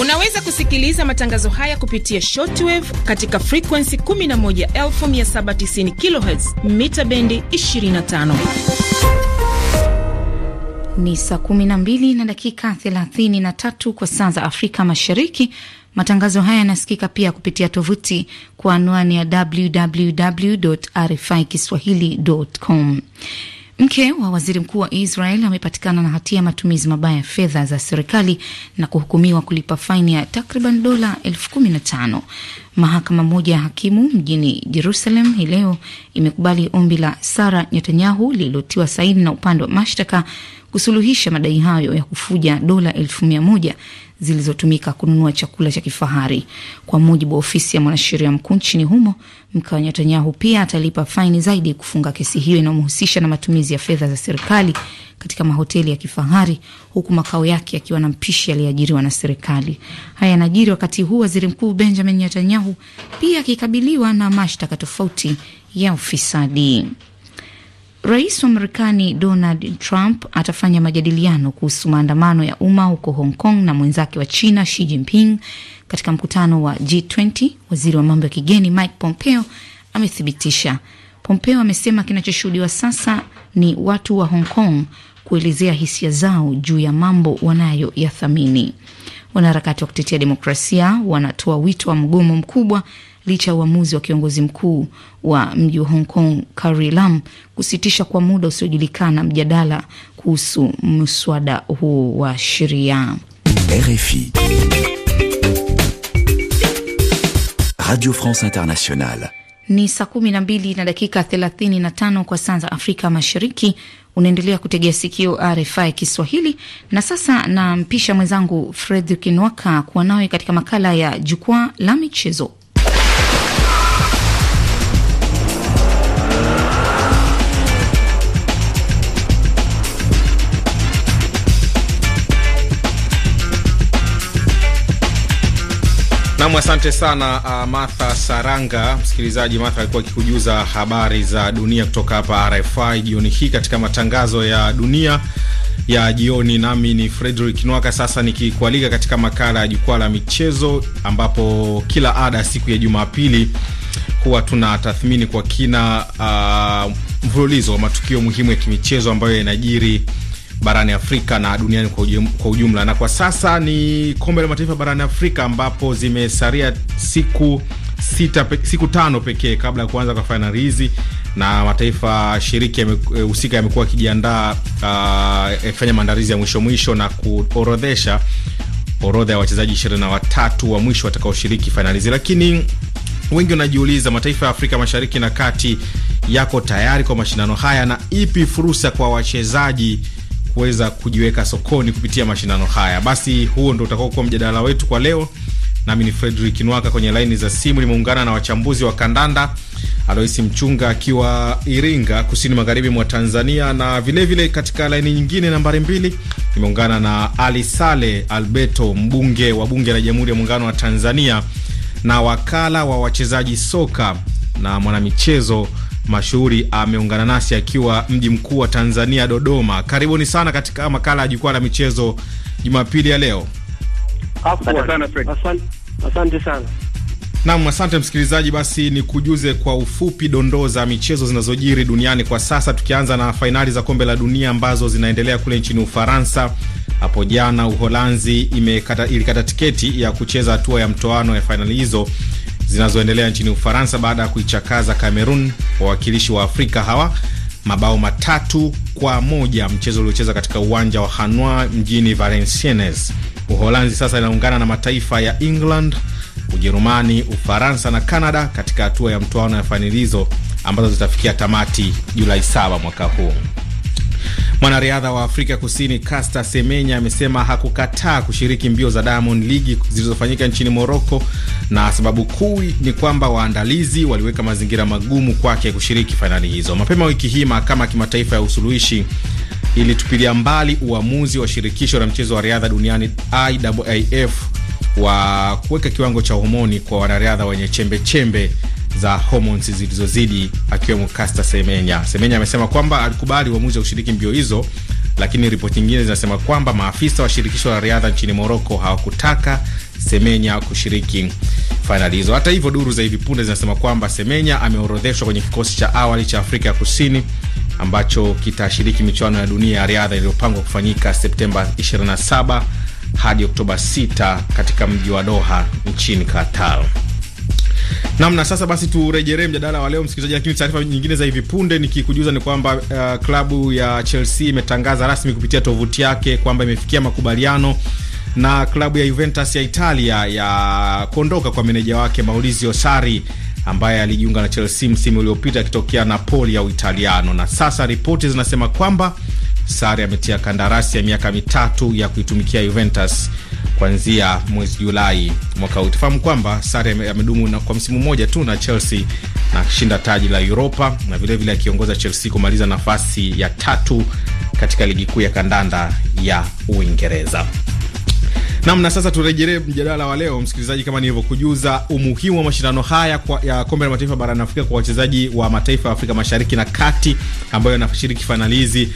Unaweza kusikiliza matangazo haya kupitia shortwave katika frequency 11790 kHz mita bendi 25. Ni saa 12 na dakika 33 kwa saa za Afrika Mashariki. Matangazo haya yanasikika pia kupitia tovuti kwa anwani ya www RFI kiswahilicom. Mke wa waziri mkuu wa Israel amepatikana na hatia ya matumizi mabaya ya fedha za serikali na kuhukumiwa kulipa faini ya takriban dola elfu kumi na tano. Mahakama moja ya hakimu mjini Jerusalem hii leo imekubali ombi la Sara Netanyahu lililotiwa saini na upande wa mashtaka kusuluhisha madai hayo ya kufuja dola elfu mia moja zilizotumika kununua chakula cha kifahari. Kwa mujibu wa ofisi ya mwanasheria mkuu nchini humo, mke wa Netanyahu pia atalipa faini zaidi kufunga kesi hiyo inayomhusisha na matumizi ya fedha za serikali katika mahoteli ya kifahari, huku makao yake yakiwa na mpishi aliyeajiriwa na serikali. Haya yanajiri wakati huu waziri mkuu Benjamin Netanyahu pia akikabiliwa na mashtaka tofauti ya ufisadi. Rais wa Marekani Donald Trump atafanya majadiliano kuhusu maandamano ya umma huko Hong Kong na mwenzake wa China Xi Jinping katika mkutano wa G20. Waziri wa mambo ya kigeni Mike Pompeo amethibitisha. Pompeo amesema kinachoshuhudiwa sasa ni watu wa Hong Kong kuelezea hisia zao juu ya mambo wanayoyathamini. Wanaharakati wa kutetea demokrasia wanatoa wito wa mgomo mkubwa licha ya uamuzi wa kiongozi mkuu wa mji wa Hong Kong Carrie Lam kusitisha kwa muda usiojulikana mjadala kuhusu mswada huo wa sheria. RFI Radio France Internationale. Ni saa kumi na mbili na dakika thelathini na tano kwa saa za Afrika Mashariki. Unaendelea kutegea sikio RFI Kiswahili, na sasa nampisha mwenzangu Fredrik Nwaka kuwa nawe katika makala ya jukwaa la michezo. Nam, asante sana uh, Martha Saranga. Msikilizaji, Martha alikuwa akikujuza habari za dunia kutoka hapa RFI jioni hii katika matangazo ya dunia ya jioni, nami ni Frederick Nwaka, sasa nikikualika katika makala ya jukwaa la michezo, ambapo kila ada siku ya Jumapili huwa tuna tathmini kwa kina uh, mfululizo wa matukio muhimu ya kimichezo ambayo yanajiri barani Afrika na duniani kwa ujumla. Na kwa sasa ni kombe la mataifa barani Afrika ambapo zimesalia siku sita, pe, siku tano pekee kabla ya kuanza kwa fainali hizi, na mataifa shiriki eh, husika yame, yamekuwa yakijiandaa ah, yakifanya uh, maandalizi ya mwisho mwisho na kuorodhesha orodha ya wachezaji ishirini na watatu wa mwisho watakaoshiriki fainali hizi, lakini wengi wanajiuliza mataifa ya Afrika Mashariki na Kati yako tayari kwa mashindano haya, na ipi fursa kwa wachezaji kuweza kujiweka sokoni kupitia mashindano haya. Basi huo ndo kuwa mjadala wetu kwa leo. Nami ni Fredrik Nwaka. Kwenye laini za simu nimeungana na wachambuzi wa kandanda, Aloisi Mchunga akiwa Iringa, kusini magharibi mwa Tanzania, na vilevile vile katika laini nyingine nambari mbili nimeungana na Ali Sale Alberto, mbunge wa bunge la Jamhuri ya Muungano wa Tanzania na wakala wa wachezaji soka na mwanamichezo Mashuhuri ameungana nasi akiwa mji mkuu wa Tanzania, Dodoma. Karibuni sana katika makala ya jukwaa la michezo Jumapili ya leo. Asante sana. Naam, asante msikilizaji. Basi ni kujuze kwa ufupi dondoo za michezo zinazojiri duniani kwa sasa, tukianza na fainali za kombe la dunia ambazo zinaendelea kule nchini Ufaransa. Hapo jana Uholanzi ilikata tiketi ya kucheza hatua ya mtoano ya fainali hizo zinazoendelea nchini Ufaransa baada ya kuichakaza Cameroon, wawakilishi wa Afrika hawa mabao matatu kwa moja, mchezo uliocheza katika uwanja wa Hanoi mjini Valenciennes. Uholanzi sasa inaungana na mataifa ya England, Ujerumani, Ufaransa na Canada katika hatua ya mtoano ya fanilizo ambazo zitafikia tamati Julai 7 mwaka huu. Mwanariadha wa Afrika Kusini Caster Semenya amesema hakukataa kushiriki mbio za Diamond League zilizofanyika nchini Morocco, na sababu kuu ni kwamba waandalizi waliweka mazingira magumu kwake kushiriki fainali hizo. Mapema wiki hii mahakama ya kimataifa ya usuluhishi ilitupilia mbali uamuzi wa shirikisho la mchezo wa riadha duniani IAAF wa kuweka kiwango cha homoni kwa wanariadha wenye chembe chembe za hormones zilizozidi akiwemo Caster Semenya. Semenya amesema kwamba alikubali uamuzi wa kushiriki mbio hizo, lakini ripoti nyingine zinasema kwamba maafisa wa shirikisho la riadha nchini Morocco hawakutaka Semenya kushiriki fainali hizo. Hata hivyo, duru za hivi punde zinasema kwamba Semenya ameorodheshwa kwenye kikosi cha awali cha Afrika ya Kusini ambacho kitashiriki michuano ya dunia ya riadha iliyopangwa kufanyika Septemba 27 hadi Oktoba 6 katika mji wa Doha nchini Qatar. Namna sasa basi turejelee mjadala wa leo msikilizaji, lakini taarifa nyingine za hivi punde nikikujuza ni kwamba uh, klabu ya Chelsea imetangaza rasmi kupitia tovuti yake kwamba imefikia makubaliano na klabu ya Juventus ya Italia ya kuondoka kwa meneja wake Maurizio Sarri ambaye alijiunga na Chelsea msimu uliopita akitokea Napoli ya Uitaliano, na sasa ripoti zinasema kwamba Sarri ametia kandarasi ya miaka mitatu ya kuitumikia Juventus kuanzia mwezi Julai mwaka huu. Tufahamu kwamba sare amedumu kwa msimu mmoja tu na Chelsea na kushinda taji la uropa na vilevile akiongoza chel Chelsea kumaliza nafasi ya tatu katika ligi kuu ya kandanda ya Uingereza namna. sasa turejelee mjadala wa leo, msikilizaji, kama nilivyokujuza umuhimu wa mashindano haya kwa, ya kombe la mataifa barani Afrika kwa wachezaji wa mataifa ya Afrika mashariki na kati ambayo yanashiriki fainali hizi,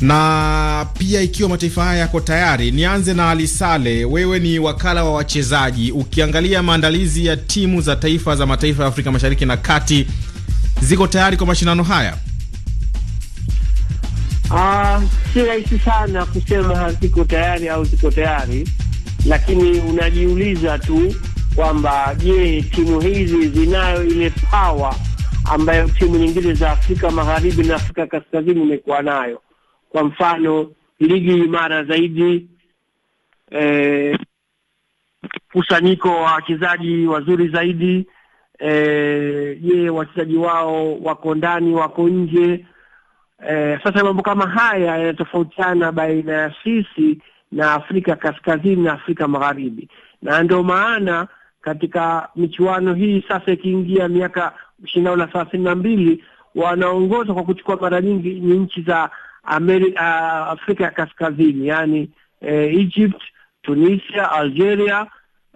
na pia ikiwa mataifa haya yako tayari. Nianze na Alisale, wewe ni wakala wa wachezaji, ukiangalia maandalizi ya timu za taifa za mataifa ya Afrika mashariki na kati, ziko tayari kwa mashindano haya? Uh, si rahisi sana kusema ziko tayari au ziko tayari lakini unajiuliza tu kwamba je, timu hizi zinayo ile power ambayo timu nyingine za Afrika Magharibi na Afrika Kaskazini imekuwa nayo? Kwa mfano ligi imara zaidi, eh, mkusanyiko eh, wa wachezaji wazuri zaidi. Eh, je, eh, wachezaji wao wako ndani, wako nje? Eh, sasa mambo kama haya yanatofautiana baina ya sisi na Afrika kaskazini na Afrika magharibi, na ndio maana katika michuano hii sasa ikiingia miaka shindano la thelathini na mbili wanaongoza kwa kuchukua mara nyingi ni nchi za Ameri, uh, Afrika ya kaskazini yani eh, Egypt, Tunisia, Algeria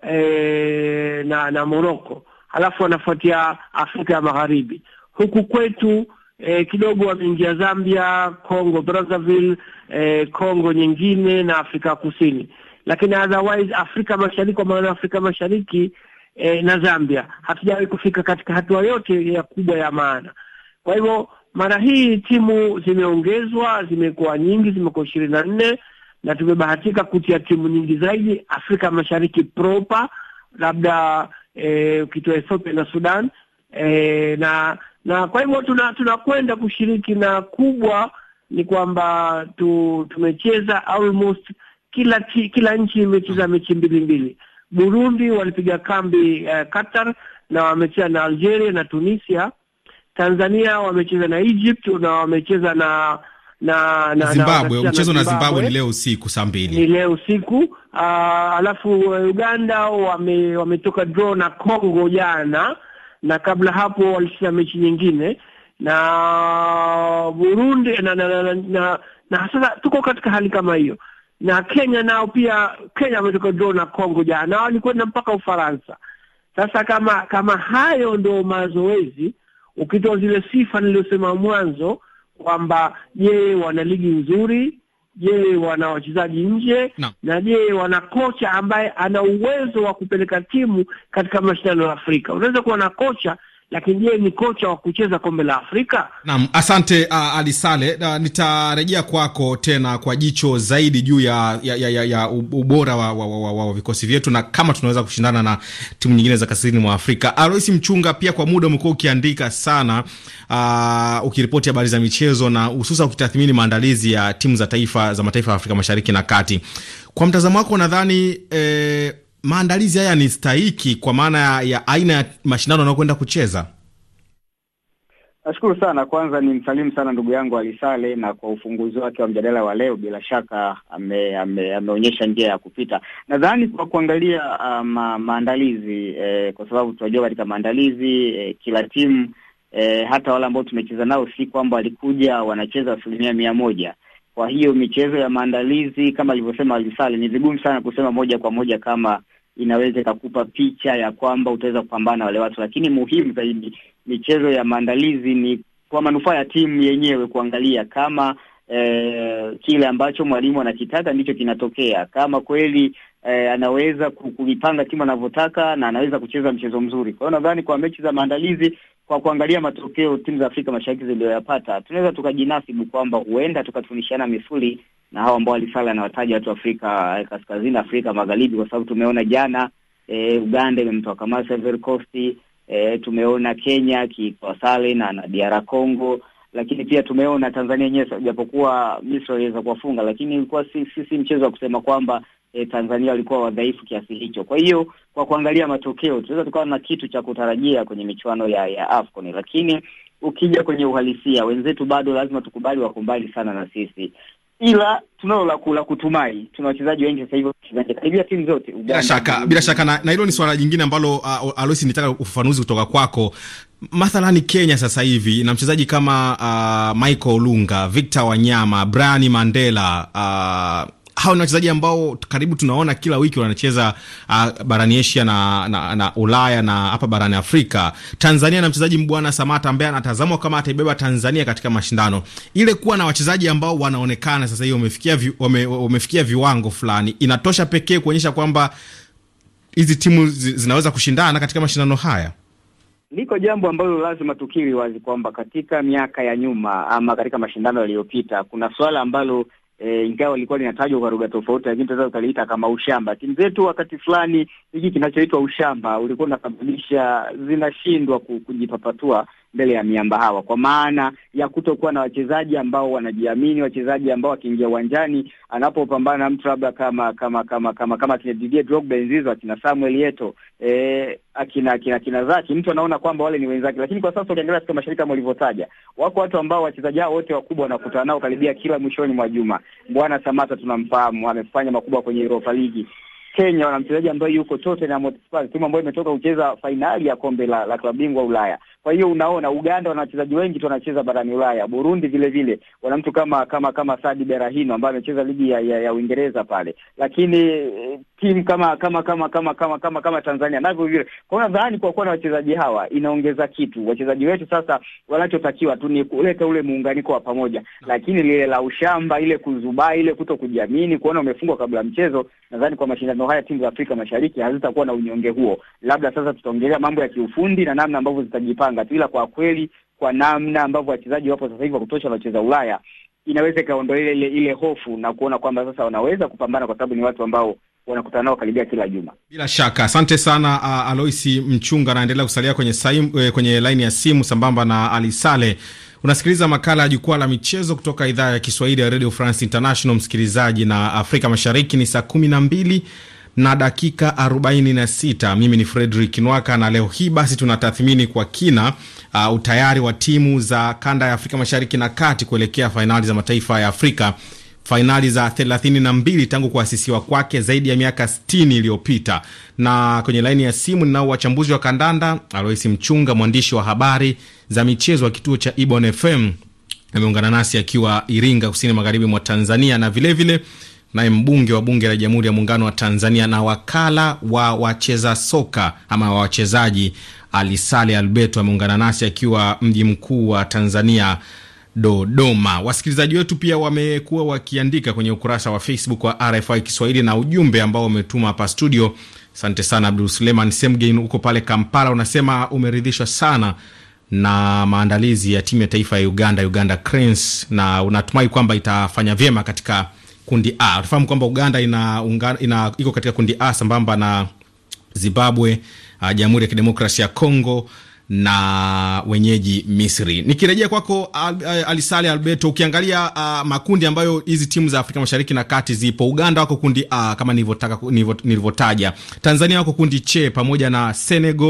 eh, na na Morocco, halafu wanafuatia Afrika ya magharibi. Huku kwetu e, kidogo wameingia Zambia, Congo Brazzaville, e, Congo nyingine na Afrika Kusini, lakini otherwise Afrika Mashariki, kwa maana Afrika Mashariki e, na Zambia hatujawahi kufika katika hatua yote ya kubwa ya maana. Kwa hivyo mara hii timu zimeongezwa, zimekuwa nyingi, zimekuwa ishirini na nne na tumebahatika kutia timu nyingi zaidi Afrika Mashariki proper, labda ukitoa e, Ethiopia na Sudan e, na na kwa hivyo tunakwenda tuna kushiriki, na kubwa ni kwamba tu, tumecheza almost kila kila nchi imecheza mechi mbili mbili. Burundi walipiga kambi eh, Qatar na wamecheza na Algeria na Tunisia. Tanzania wamecheza na Egypt na wamecheza na na, na Zimbabwe. Mchezo na Zimbabwe ni leo usiku saa mbili, ni leo usiku. Ah, alafu eh, Uganda wame, wametoka draw na Congo jana na kabla hapo walicheza mechi nyingine na Burundi na na, na, na, na, na sasa tuko katika hali kama hiyo, na Kenya nao pia, Kenya wametoka draw na Kongo jana, walikwenda mpaka Ufaransa. Sasa kama kama hayo ndio mazoezi, ukitoa zile sifa niliyosema mwanzo kwamba je, wana ligi nzuri Je, wana wachezaji nje no. na je, wana kocha ambaye ana uwezo wa kupeleka timu katika mashindano ya Afrika. Unaweza kuwa na kocha lakini je, ni kocha wa kucheza kombe la Afrika? Naam, asante uh, Ali Sale. Uh, nitarejea kwako tena kwa jicho zaidi juu ya, ya, ya, ya ubora wa, wa, wa, wa, wa vikosi vyetu na kama tunaweza kushindana na timu nyingine za kaskazini mwa Afrika. Uh, Alois Mchunga, pia kwa muda umekuwa ukiandika sana uh, ukiripoti habari za michezo na hususa ukitathmini maandalizi ya timu za taifa za mataifa ya Afrika Mashariki na Kati. Kwa mtazamo wako, nadhani eh, maandalizi haya ni stahiki kwa maana ya, ya aina ya mashindano anayokwenda kucheza? Nashukuru sana kwanza, ni msalimu sana ndugu yangu Alisale na kwa ufunguzi wake wa mjadala wa leo, bila shaka ame, ame, ameonyesha njia ya kupita. Nadhani kwa kuangalia uh, ma, maandalizi eh, kwa sababu tunajua katika maandalizi eh, kila timu eh, hata wale ambao tumecheza nao si kwamba walikuja wanacheza asilimia mia moja. Kwa hiyo michezo ya maandalizi kama alivyosema Alisale, ni vigumu sana kusema moja kwa moja kama inaweza ikakupa picha ya kwamba utaweza kupambana wale watu, lakini muhimu zaidi michezo ya maandalizi ni kwa manufaa ya timu yenyewe, kuangalia kama Eh, kile ambacho mwalimu anakitaka ndicho kinatokea. Kama kweli eh, anaweza kuipanga timu anavyotaka na anaweza kucheza mchezo mzuri. Kwa hiyo nadhani kwa mechi za maandalizi, kwa kuangalia matokeo timu za Afrika Mashariki ziliyoyapata, tunaweza tukajinasibu kwamba huenda tukatunishana misuli na hao ambao walisala na wataja watu Afrika eh, Kaskazini, Afrika Magharibi, kwa sababu tumeona jana eh, Uganda imemtoa kama Ivory Coast, eh, tumeona Kenya kiwasale na na DR Congo lakini pia tumeona Tanzania yenyewe, japokuwa Misri waliweza kuwafunga, lakini ilikuwa si, si, si mchezo wa kusema kwamba e, Tanzania walikuwa wadhaifu kiasi hicho. Kwa hiyo kwa kuangalia matokeo, tunaweza tukawa na kitu cha kutarajia kwenye michuano ya, ya AFCON, lakini ukija kwenye uhalisia, wenzetu bado lazima tukubali, wako mbali sana na sisi ila tunalo la kutumai. Tuna wachezaji wengi sasa hivi, wachezaji karibia timu zote bila shaka, bila shaka na, hilo ni swala jingine ambalo uh, ah, Aloisi, nitaka ufafanuzi kutoka kwako mathalani Kenya sasa hivi na mchezaji kama uh, Michael Olunga, Victor Wanyama, Brian Mandela uh, ah, hawa ni wachezaji ambao karibu tunaona kila wiki wanacheza uh, barani Asia na, na, na Ulaya na hapa barani Afrika. Tanzania na mchezaji Mbwana Samata ambaye anatazamwa kama ataibeba Tanzania katika mashindano. Ile kuwa na wachezaji ambao wanaonekana sasa hivi wamefikia, vi, wame, wamefikia viwango fulani inatosha pekee kuonyesha kwamba hizi timu zinaweza kushindana katika mashindano haya. Liko jambo ambalo lazima tukiri wazi kwamba katika miaka ya nyuma ama katika mashindano yaliyopita kuna suala ambalo eh, ingawa ilikuwa linatajwa kwa lugha tofauti, lakini tunaweza tukaliita kama ushamba. Timu zetu wakati fulani hiki kinachoitwa ushamba ulikuwa unasababisha zinashindwa kujipapatua mbele ya miamba hawa, kwa maana ya kutokuwa na wachezaji ambao wanajiamini, wachezaji ambao wakiingia uwanjani, anapopambana na mtu labda kama kama kama kama kama kina Didier Drogba Nzizo, akina Samuel Eto'o, e, akina akina akina Zaki, mtu anaona kwamba wale ni wenzake. Lakini kwa sasa ukiangalia katika mashirika kama ulivyotaja, wako watu ambao wachezaji hao wote wakubwa wanakutana nao karibia kila mwishoni mwa juma. Bwana Samata tunamfahamu, amefanya makubwa kwenye Europa League. Kenya wana mchezaji ambaye yuko Tottenham Hotspur, timu ambayo imetoka kucheza fainali ya kombe la, la klabu bingwa Ulaya. Kwa hiyo unaona Uganda wana wachezaji wengi tu wanacheza barani Ulaya. Burundi vile vile wana mtu kama kama kama Sadi Berahino ambaye amecheza ligi ya, ya, ya Uingereza pale, lakini e, timu kama kama kama kama kama kama kama Tanzania navyo vile. Kwa hiyo nadhani kwa kuwa na wachezaji hawa inaongeza kitu. Wachezaji wetu sasa wanachotakiwa tu ni kuleta ule muunganiko wa pamoja, lakini lile la ushamba, ile kuzubaa, ile kuto kujiamini, kuona umefungwa kabla mchezo, nadhani kwa mashindano haya timu za Afrika Mashariki hazitakuwa na unyonge huo. Labda sasa tutaongelea mambo ya kiufundi na namna ambavyo zitajipanga Yanga tu, ila kwa kweli kwa namna ambavyo wachezaji wapo sasa hivi wa kutosha wanacheza Ulaya inaweza ikaondoa ile ile hofu na kuona kwamba sasa wanaweza kupambana, kwa sababu ni watu ambao wanakutana nao karibia kila juma. Bila shaka, asante sana uh, Aloisi Mchunga anaendelea kusalia kwenye saimu, e, kwenye laini ya simu sambamba na Ali Sale. Unasikiliza makala ya Jukwaa la Michezo kutoka idhaa ya Kiswahili ya Radio France International, msikilizaji. Na Afrika Mashariki ni saa kumi na mbili na dakika 46. Mimi ni Fredrick Nwaka na leo hii basi tunatathmini kwa kina uh, utayari wa timu za kanda ya Afrika Mashariki na Kati kuelekea fainali za mataifa ya Afrika, fainali za 32 tangu kuasisiwa kwake zaidi ya miaka 60 iliyopita. Na kwenye laini ya simu ninao wachambuzi wa kandanda, Aloisi Mchunga, mwandishi wa habari za michezo wa kituo cha Ibon FM ameungana nasi akiwa Iringa, kusini magharibi mwa Tanzania, na vilevile vile, naye mbunge wa bunge la Jamhuri ya Muungano wa Tanzania na wakala wa wacheza soka ama wa wachezaji Alisale Alberto ameungana nasi akiwa mji mkuu wa Tanzania Dodoma. Wasikilizaji wetu pia wamekuwa wakiandika kwenye ukurasa wa Facebook wa RFI Kiswahili na ujumbe ambao umetuma hapa studio. Asante sana Abdul Suleiman Semgen, huko pale Kampala, unasema umeridhishwa sana na maandalizi ya timu ya taifa ya Uganda, Uganda Cranes, na unatumai kwamba itafanya vyema katika kundi A. Tufahamu kwamba Uganda ina, unga, ina iko katika kundi A sambamba na Zimbabwe, uh, Jamhuri ya Kidemokrasia ya Kongo na wenyeji Misri. Nikirejea kwako eh, Alisale Alberto, ukiangalia uh, makundi ambayo hizi timu za Afrika Mashariki na Kati zipo, Uganda wako kundi A kama nilivyotaja, Tanzania wako kundi C pamoja na Senegal,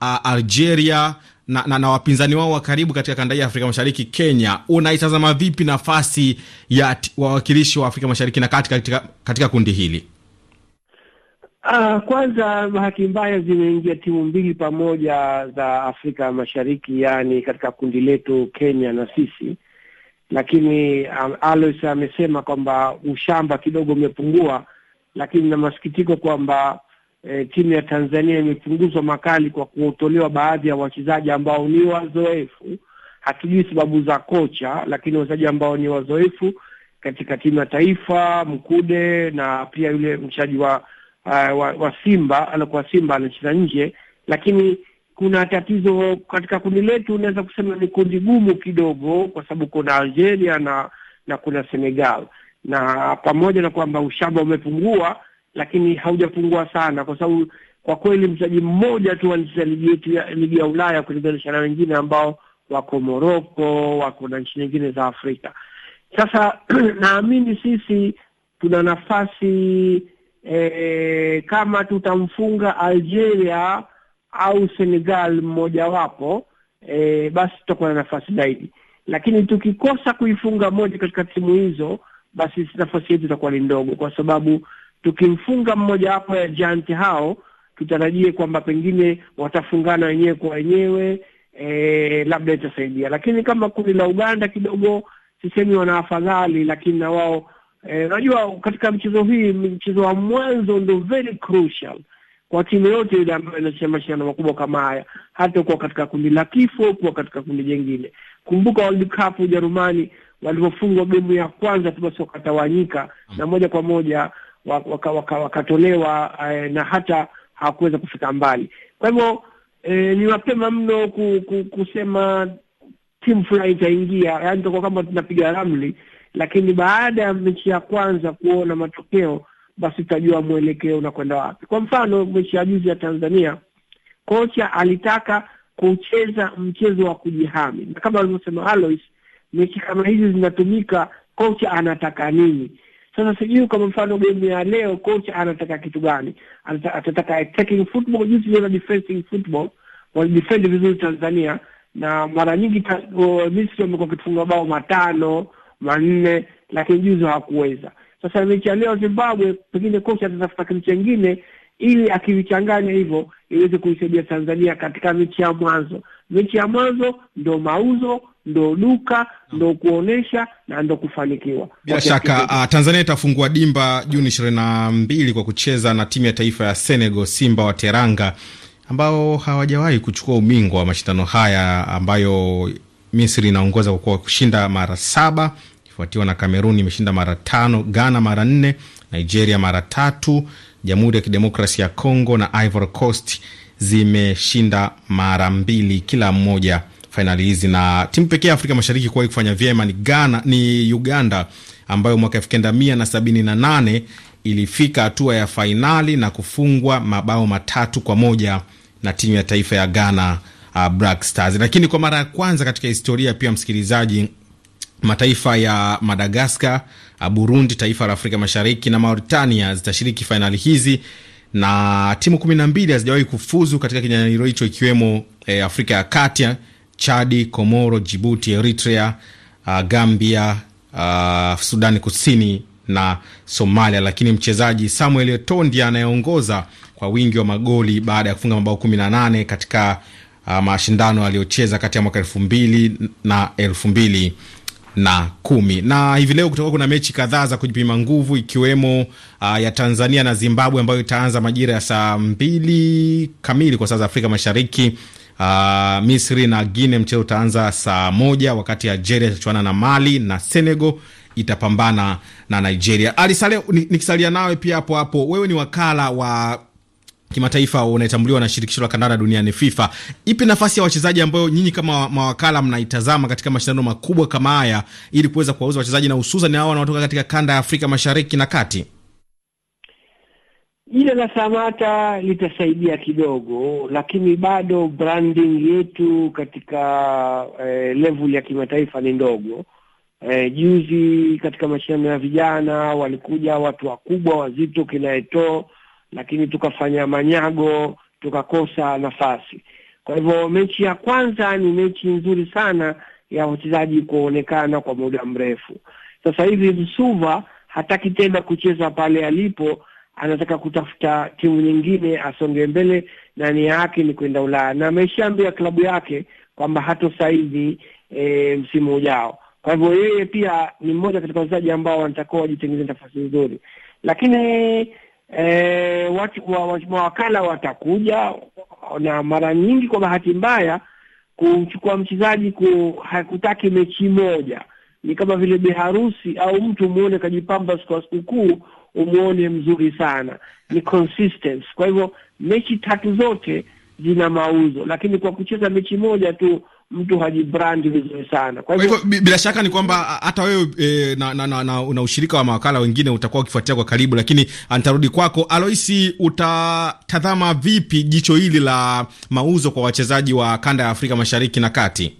uh, Algeria na, na, na wapinzani wao wa karibu katika kanda ya Afrika Mashariki, Kenya, unaitazama vipi nafasi ya wawakilishi wa Afrika Mashariki na kati katika, katika kundi hili? Uh, kwanza bahati mbaya zimeingia timu mbili pamoja za Afrika Mashariki, yaani katika kundi letu Kenya na sisi, lakini um, Alois amesema kwamba ushamba kidogo umepungua, lakini na masikitiko kwamba e, timu ya Tanzania imepunguzwa makali kwa kuotolewa baadhi ya wachezaji ambao ni wazoefu. Hatujui sababu za kocha, lakini wachezaji ambao ni wazoefu katika timu ya taifa, Mkude na pia yule mchezaji wa, uh, wa wa Simba alikuwa Simba anacheza nje, lakini kuna tatizo katika kundi letu, unaweza kusema ni kundi gumu kidogo, kwa sababu kuna Algeria na na kuna Senegal, na pamoja na kwamba ushamba umepungua, lakini haujapungua sana, kwa sababu kwa kweli mchezaji mmoja tu anacheza ligi yetu ya ligi ya Ulaya kulinganisha na wengine ambao wako Moroko, wako na nchi nyingine za Afrika. Sasa naamini sisi tuna nafasi e, kama tutamfunga Algeria au Senegal mmojawapo e, basi tutakuwa na nafasi zaidi, lakini tukikosa kuifunga moja katika timu hizo, basi nafasi yetu itakuwa ni ndogo, kwa sababu tukimfunga wapo ya janti hao tutarajie kwamba pengine watafungana wenyewe kwa wenyewe e, labda itasaidia. Lakini kama kundi la Uganda kidogo sisemi wana afadhali, lakini na wao e, unajua e, katika mchezo hii mchezo wa mwanzo ndo very crucial kwa timu yote ile ambayo inachea mashindano makubwa kama haya, hata kuwa katika kundi la kifo, kuwa katika kundi jengine. Kumbuka World Cup Ujerumani walivyofungwa gemu ya kwanza tu, basi wakatawanyika na moja kwa moja wakatolewa waka, waka eh, na hata hawakuweza kufika mbali. Kwa hivyo eh, ni mapema mno ku, ku, kusema timu fulani itaingia, yaani tutakuwa kama tunapiga ramli, lakini baada ya mechi ya kwanza kuona matokeo, basi tutajua mwelekeo unakwenda wapi. Kwa mfano mechi ya juzi ya Tanzania, kocha alitaka kucheza mchezo wa kujihami, na kama alivyosema Alois, mechi kama hizi zinatumika, kocha anataka nini? Sasa sijui kwa mfano game ya leo kocha anataka kitu gani? Atataka attacking football. Juzi tuliona defending football, defend vizuri Tanzania, na mara nyingi Misri wamekuwa kitunga bao matano manne, lakini juzi hawakuweza. Sasa mechi ya leo Zimbabwe, pengine kocha atatafuta kitu chengine ili akivichanganya hivyo iweze kuisaidia Tanzania katika mechi ya mwanzo. Mechi ya mwanzo ndio mauzo, ndo duka ndo kuonesha na ndo kufanikiwa. Bila shaka uh, Tanzania itafungua dimba Juni ishirini na mbili kwa kucheza na timu ya taifa ya Senegal, Simba wa Teranga ambao hawajawahi kuchukua ubingwa wa mashindano haya ambayo Misri inaongoza kwa kushinda mara saba ifuatiwa na Kamerun imeshinda mara tano, Ghana mara nne, Nigeria mara tatu, Jamhuri ya Kidemokrasia ya Kongo na Ivory Coast zimeshinda mara mbili kila mmoja fainali hizi, na timu pekee ya Afrika Mashariki kuwahi kufanya vyema ni Ghana, ni Uganda ambayo mwaka elfu kenda mia na sabini na nane ilifika hatua ya fainali na kufungwa mabao matatu kwa moja na timu ya taifa ya Ghana, uh, Black Stars. Lakini kwa mara ya kwanza katika historia pia, msikilizaji, mataifa ya Madagaskar, uh, Burundi, taifa la Afrika Mashariki na Mauritania zitashiriki fainali hizi na timu kumi na mbili hazijawahi kufuzu katika kinyang'anyiro hicho ikiwemo eh, Afrika ya Kati Chadi, Komoro, Jibuti, Eritrea, uh, Gambia, uh, Sudani Kusini na Somalia. Lakini mchezaji Samuel Eto'o ndiye anayeongoza kwa wingi wa magoli baada ya kufunga mabao 18 katika uh, mashindano aliyocheza kati ya mwaka elfu mbili na elfu mbili na kumi. Na hivi leo kutakuwa kuna mechi kadhaa za kujipima nguvu ikiwemo uh, ya Tanzania na Zimbabwe ambayo itaanza majira ya saa mbili kamili kwa saa za Afrika Mashariki, Uh, Misri na Guine mchezo utaanza saa moja, wakati Algeria itachuana na Mali na Senegal itapambana na Nigeria. Ali nikisalia nawe pia hapo hapo, wewe ni wakala wa kimataifa unaetambuliwa na shirikisho la kandanda duniani FIFA. Ipi nafasi ya wachezaji ambayo nyinyi kama mawakala mnaitazama katika mashindano makubwa kama haya ili kuweza kuwauza wachezaji na hususan hawa wanaotoka katika kanda ya Afrika Mashariki na Kati? Jina la samata litasaidia kidogo, lakini bado branding yetu katika eh, level ya kimataifa ni ndogo. Eh, juzi katika mashindano ya vijana walikuja watu wakubwa wazito kina lakini tukafanya manyago tukakosa nafasi. Kwa hivyo mechi ya kwanza ni mechi nzuri sana ya wachezaji kuonekana kwa muda mrefu. Sasa hivi Msuva hataki tena kucheza pale alipo anataka kutafuta timu nyingine asonge mbele na nia yake ni kwenda Ulaya, na ameshaambia klabu yake kwamba hatosaini e, msimu ujao. Kwa hivyo yeye pia ni mmoja katika wachezaji ambao wanatakiwa wajitengeze nafasi nzuri, lakini e, mawakala watakuja, na mara nyingi kwa bahati mbaya kumchukua mchezaji hakutaki mechi moja, ni kama vile biharusi au mtu muone kajipamba siku ya sikukuu umwone mzuri sana, ni consistency. Kwa hivyo mechi tatu zote zina mauzo, lakini kwa kucheza mechi moja tu mtu hajibrandi vizuri sana. Kwa hivyo bila shaka ni kwamba hata wewe e, na, na, na, na, na ushirika wa mawakala wengine utakuwa ukifuatia kwa karibu, lakini nitarudi kwako Aloisi, utatazama vipi jicho hili la mauzo kwa wachezaji wa kanda ya Afrika Mashariki na Kati?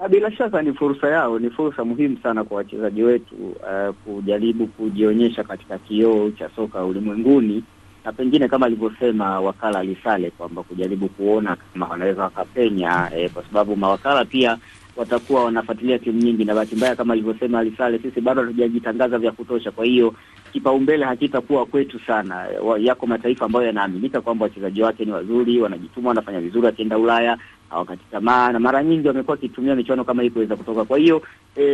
Ah, bila shaka ni fursa yao, ni fursa muhimu sana kwa wachezaji wetu uh, kujaribu kujionyesha katika kioo cha soka ulimwenguni, na pengine kama alivyosema wakala Lisale kwamba kujaribu kuona kama wanaweza wakapenya eh, kwa sababu mawakala pia watakuwa wanafuatilia timu nyingi, na bahati mbaya kama alivyosema Alisale, sisi bado hatujajitangaza vya kutosha. Kwa hiyo kipaumbele hakitakuwa kwetu sana. Yako mataifa ambayo yanaaminika kwamba wachezaji wake ni wazuri, wanajituma, wanafanya vizuri wakienda Ulaya, hawakati tamaa, na mara nyingi wamekuwa wakitumia michuano kama hii kuweza kutoka. Kwa hiyo e,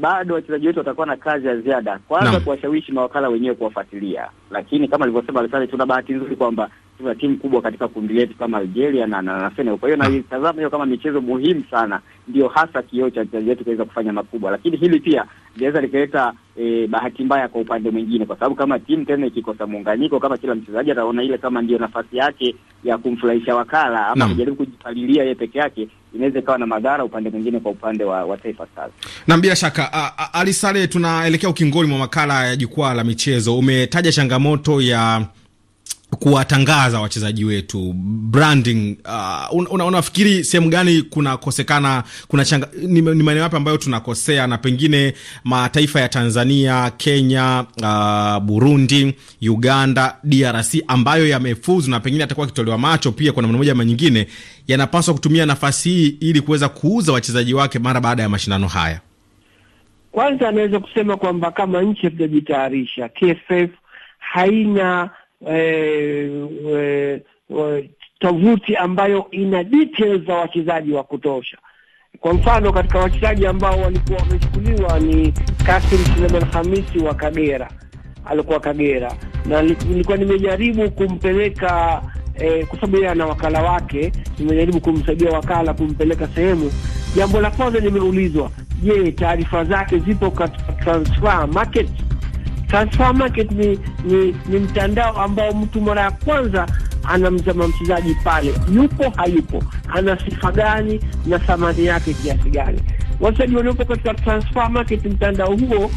bado wachezaji wetu watakuwa na kazi ya ziada, kwanza kuwashawishi mawakala wenyewe kuwafuatilia, lakini kama alivyosema Alsani, tuna bahati nzuri kwamba tuna timu kubwa katika kundi letu kama Algeria na na, na Senegal. Kwa hiyo naitazama hiyo kama michezo muhimu sana, ndio hasa kioo cha wachezaji wetu kuweza kufanya makubwa, lakini hili pia linaweza likaleta e, bahati mbaya kwa upande mwingine, kwa sababu kama timu tena ikikosa muunganiko, kama kila mchezaji ataona ile kama ndiyo nafasi yake ya kumfurahisha wakala ama kujaribu kujipalilia yeye peke yake, inaweza ikawa na madhara upande mwingine kwa upande wa, wa Taifa Stars. Na bila shaka Ali Sale, tunaelekea ukingoni mwa makala ya jukwaa la michezo. Umetaja changamoto ya kuwatangaza wachezaji wetu branding, uh, unafikiri una sehemu gani kunakosekana? Kuna changa, ni, ni maeneo yapi ambayo tunakosea, na pengine mataifa ya Tanzania, Kenya, uh, Burundi, Uganda, DRC ambayo yamefuzu na pengine atakuwa akitolewa macho pia kwa namna moja ama nyingine, yanapaswa kutumia nafasi hii ili kuweza kuuza wachezaji wake mara baada ya mashindano haya. Kwanza anaweza kusema kwamba kama nchi hatujajitayarisha, KFF haina Eh, eh, eh, tovuti ambayo ina details za wachezaji wa kutosha. Kwa mfano, katika wachezaji ambao walikuwa wamechukuliwa ni Kasim Suleiman Hamisi wa Kagera, alikuwa Kagera, na nilikuwa nimejaribu kumpeleka eh, kwa sababu yeye ana wakala wake, nimejaribu kumsaidia wakala kumpeleka sehemu. Jambo la kwanza nimeulizwa, je, taarifa zake zipo katika transfer market? Transfer market ni, ni, ni mtandao ambao mtu mara ya kwanza anamzama mchezaji pale, yupo hayupo, ana sifa gani na thamani yake kiasi gani. Wachezaji waliopo katika transfer market, mtandao huo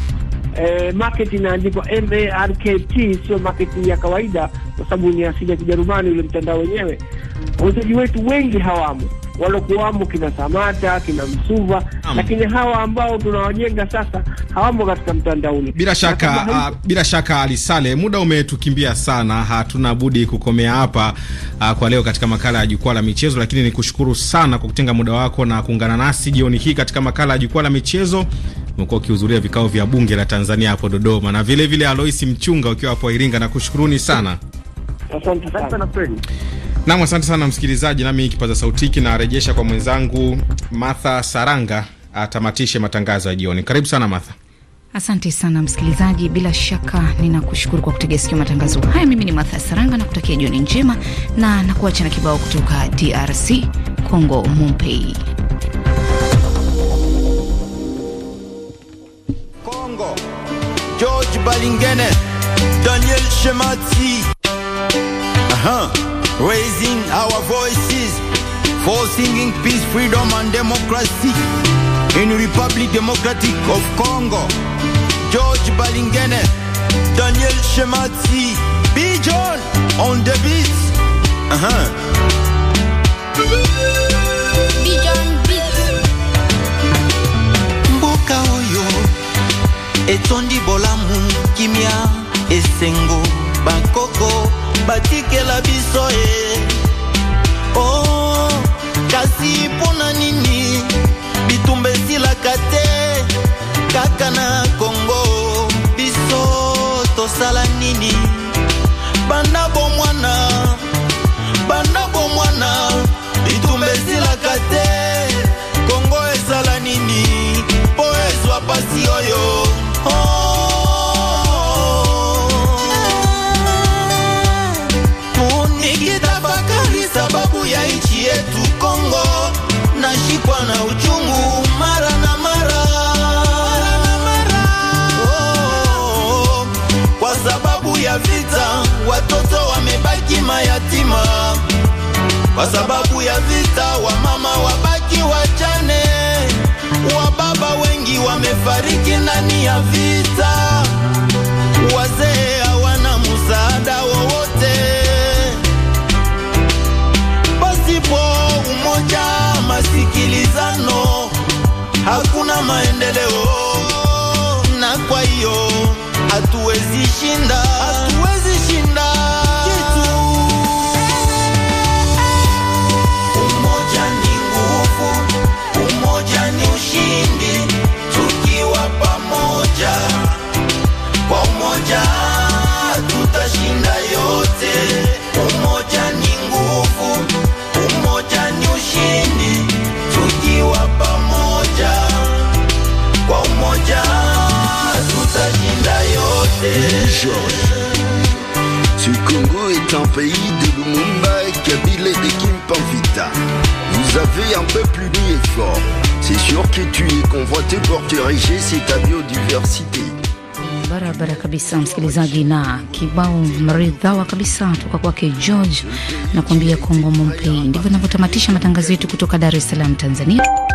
eh, market inaandikwa MARKT, sio market ya kawaida, kwa sababu ni asili ya Kijerumani ule mtandao wenyewe. Wachezaji wetu wengi hawamo walokuwamo kina Samata, kina Msuva, lakini hawa ambao tunawajenga sasa hawamo katika mtandaoni. Bila shaka uh, bila shaka Alisale, muda umetukimbia sana, hatuna budi kukomea hapa ah, kwa leo katika makala ya jukwaa la michezo, lakini nikushukuru sana kwa kutenga muda wako na kuungana nasi jioni hii katika makala ya jukwaa la michezo. Umekuwa ukihudhuria vikao vya bunge la Tanzania hapo Dodoma na vile vile Alois Mchunga ukiwa hapo Iringa, nakushukuruni sana. Asante sana. Nam, asante sana msikilizaji, nami kipaza sauti hiki narejesha kwa mwenzangu Martha Saranga atamatishe matangazo ya jioni. Karibu sana Martha. Asante sana msikilizaji, bila shaka ninakushukuru kwa kutegea sikio matangazo haya. Mimi ni Martha Saranga na kutakia jioni njema na nakuacha na kibao kutoka DRC Congo, Mumpei. Congo, George Balingene, Daniel Shemati. Aha. raising our voices for singing peace, freedom, and democracy in Republic Democratic of Congo. George Balingene, Daniel Shemati, B. John on the beats. Uh-huh. B. John beats. Mboka oyo etondi bolamu kimia esengo bakoko batikela biso ye oh, kasi mpona nini bitumba esilaka te kaka na kongo biso tosala nini kwa sababu ya vita, wamama wabaki wa baba wengi wamefariki ndani ya vita, wazee hawana msaada wowote. Pasipo umoja, masikilizano, hakuna maendeleo, na kwa hiyo hatuwezi shinda. Corée. Ce Congo est un pays de Lumumba, Kabila et de Kimpanvita. Vous avez un peuple uni et fort. C'est sûr que tu es convoité pour corriger cette biodiversité. Barabara kabisa, msikilizaji, na kibao mridhawa kabisa toka kwake George na kuambia Kongo Mompei. Ndivyo inavyotamatisha matangazo yetu kutoka Dar es Salaam, Tanzania.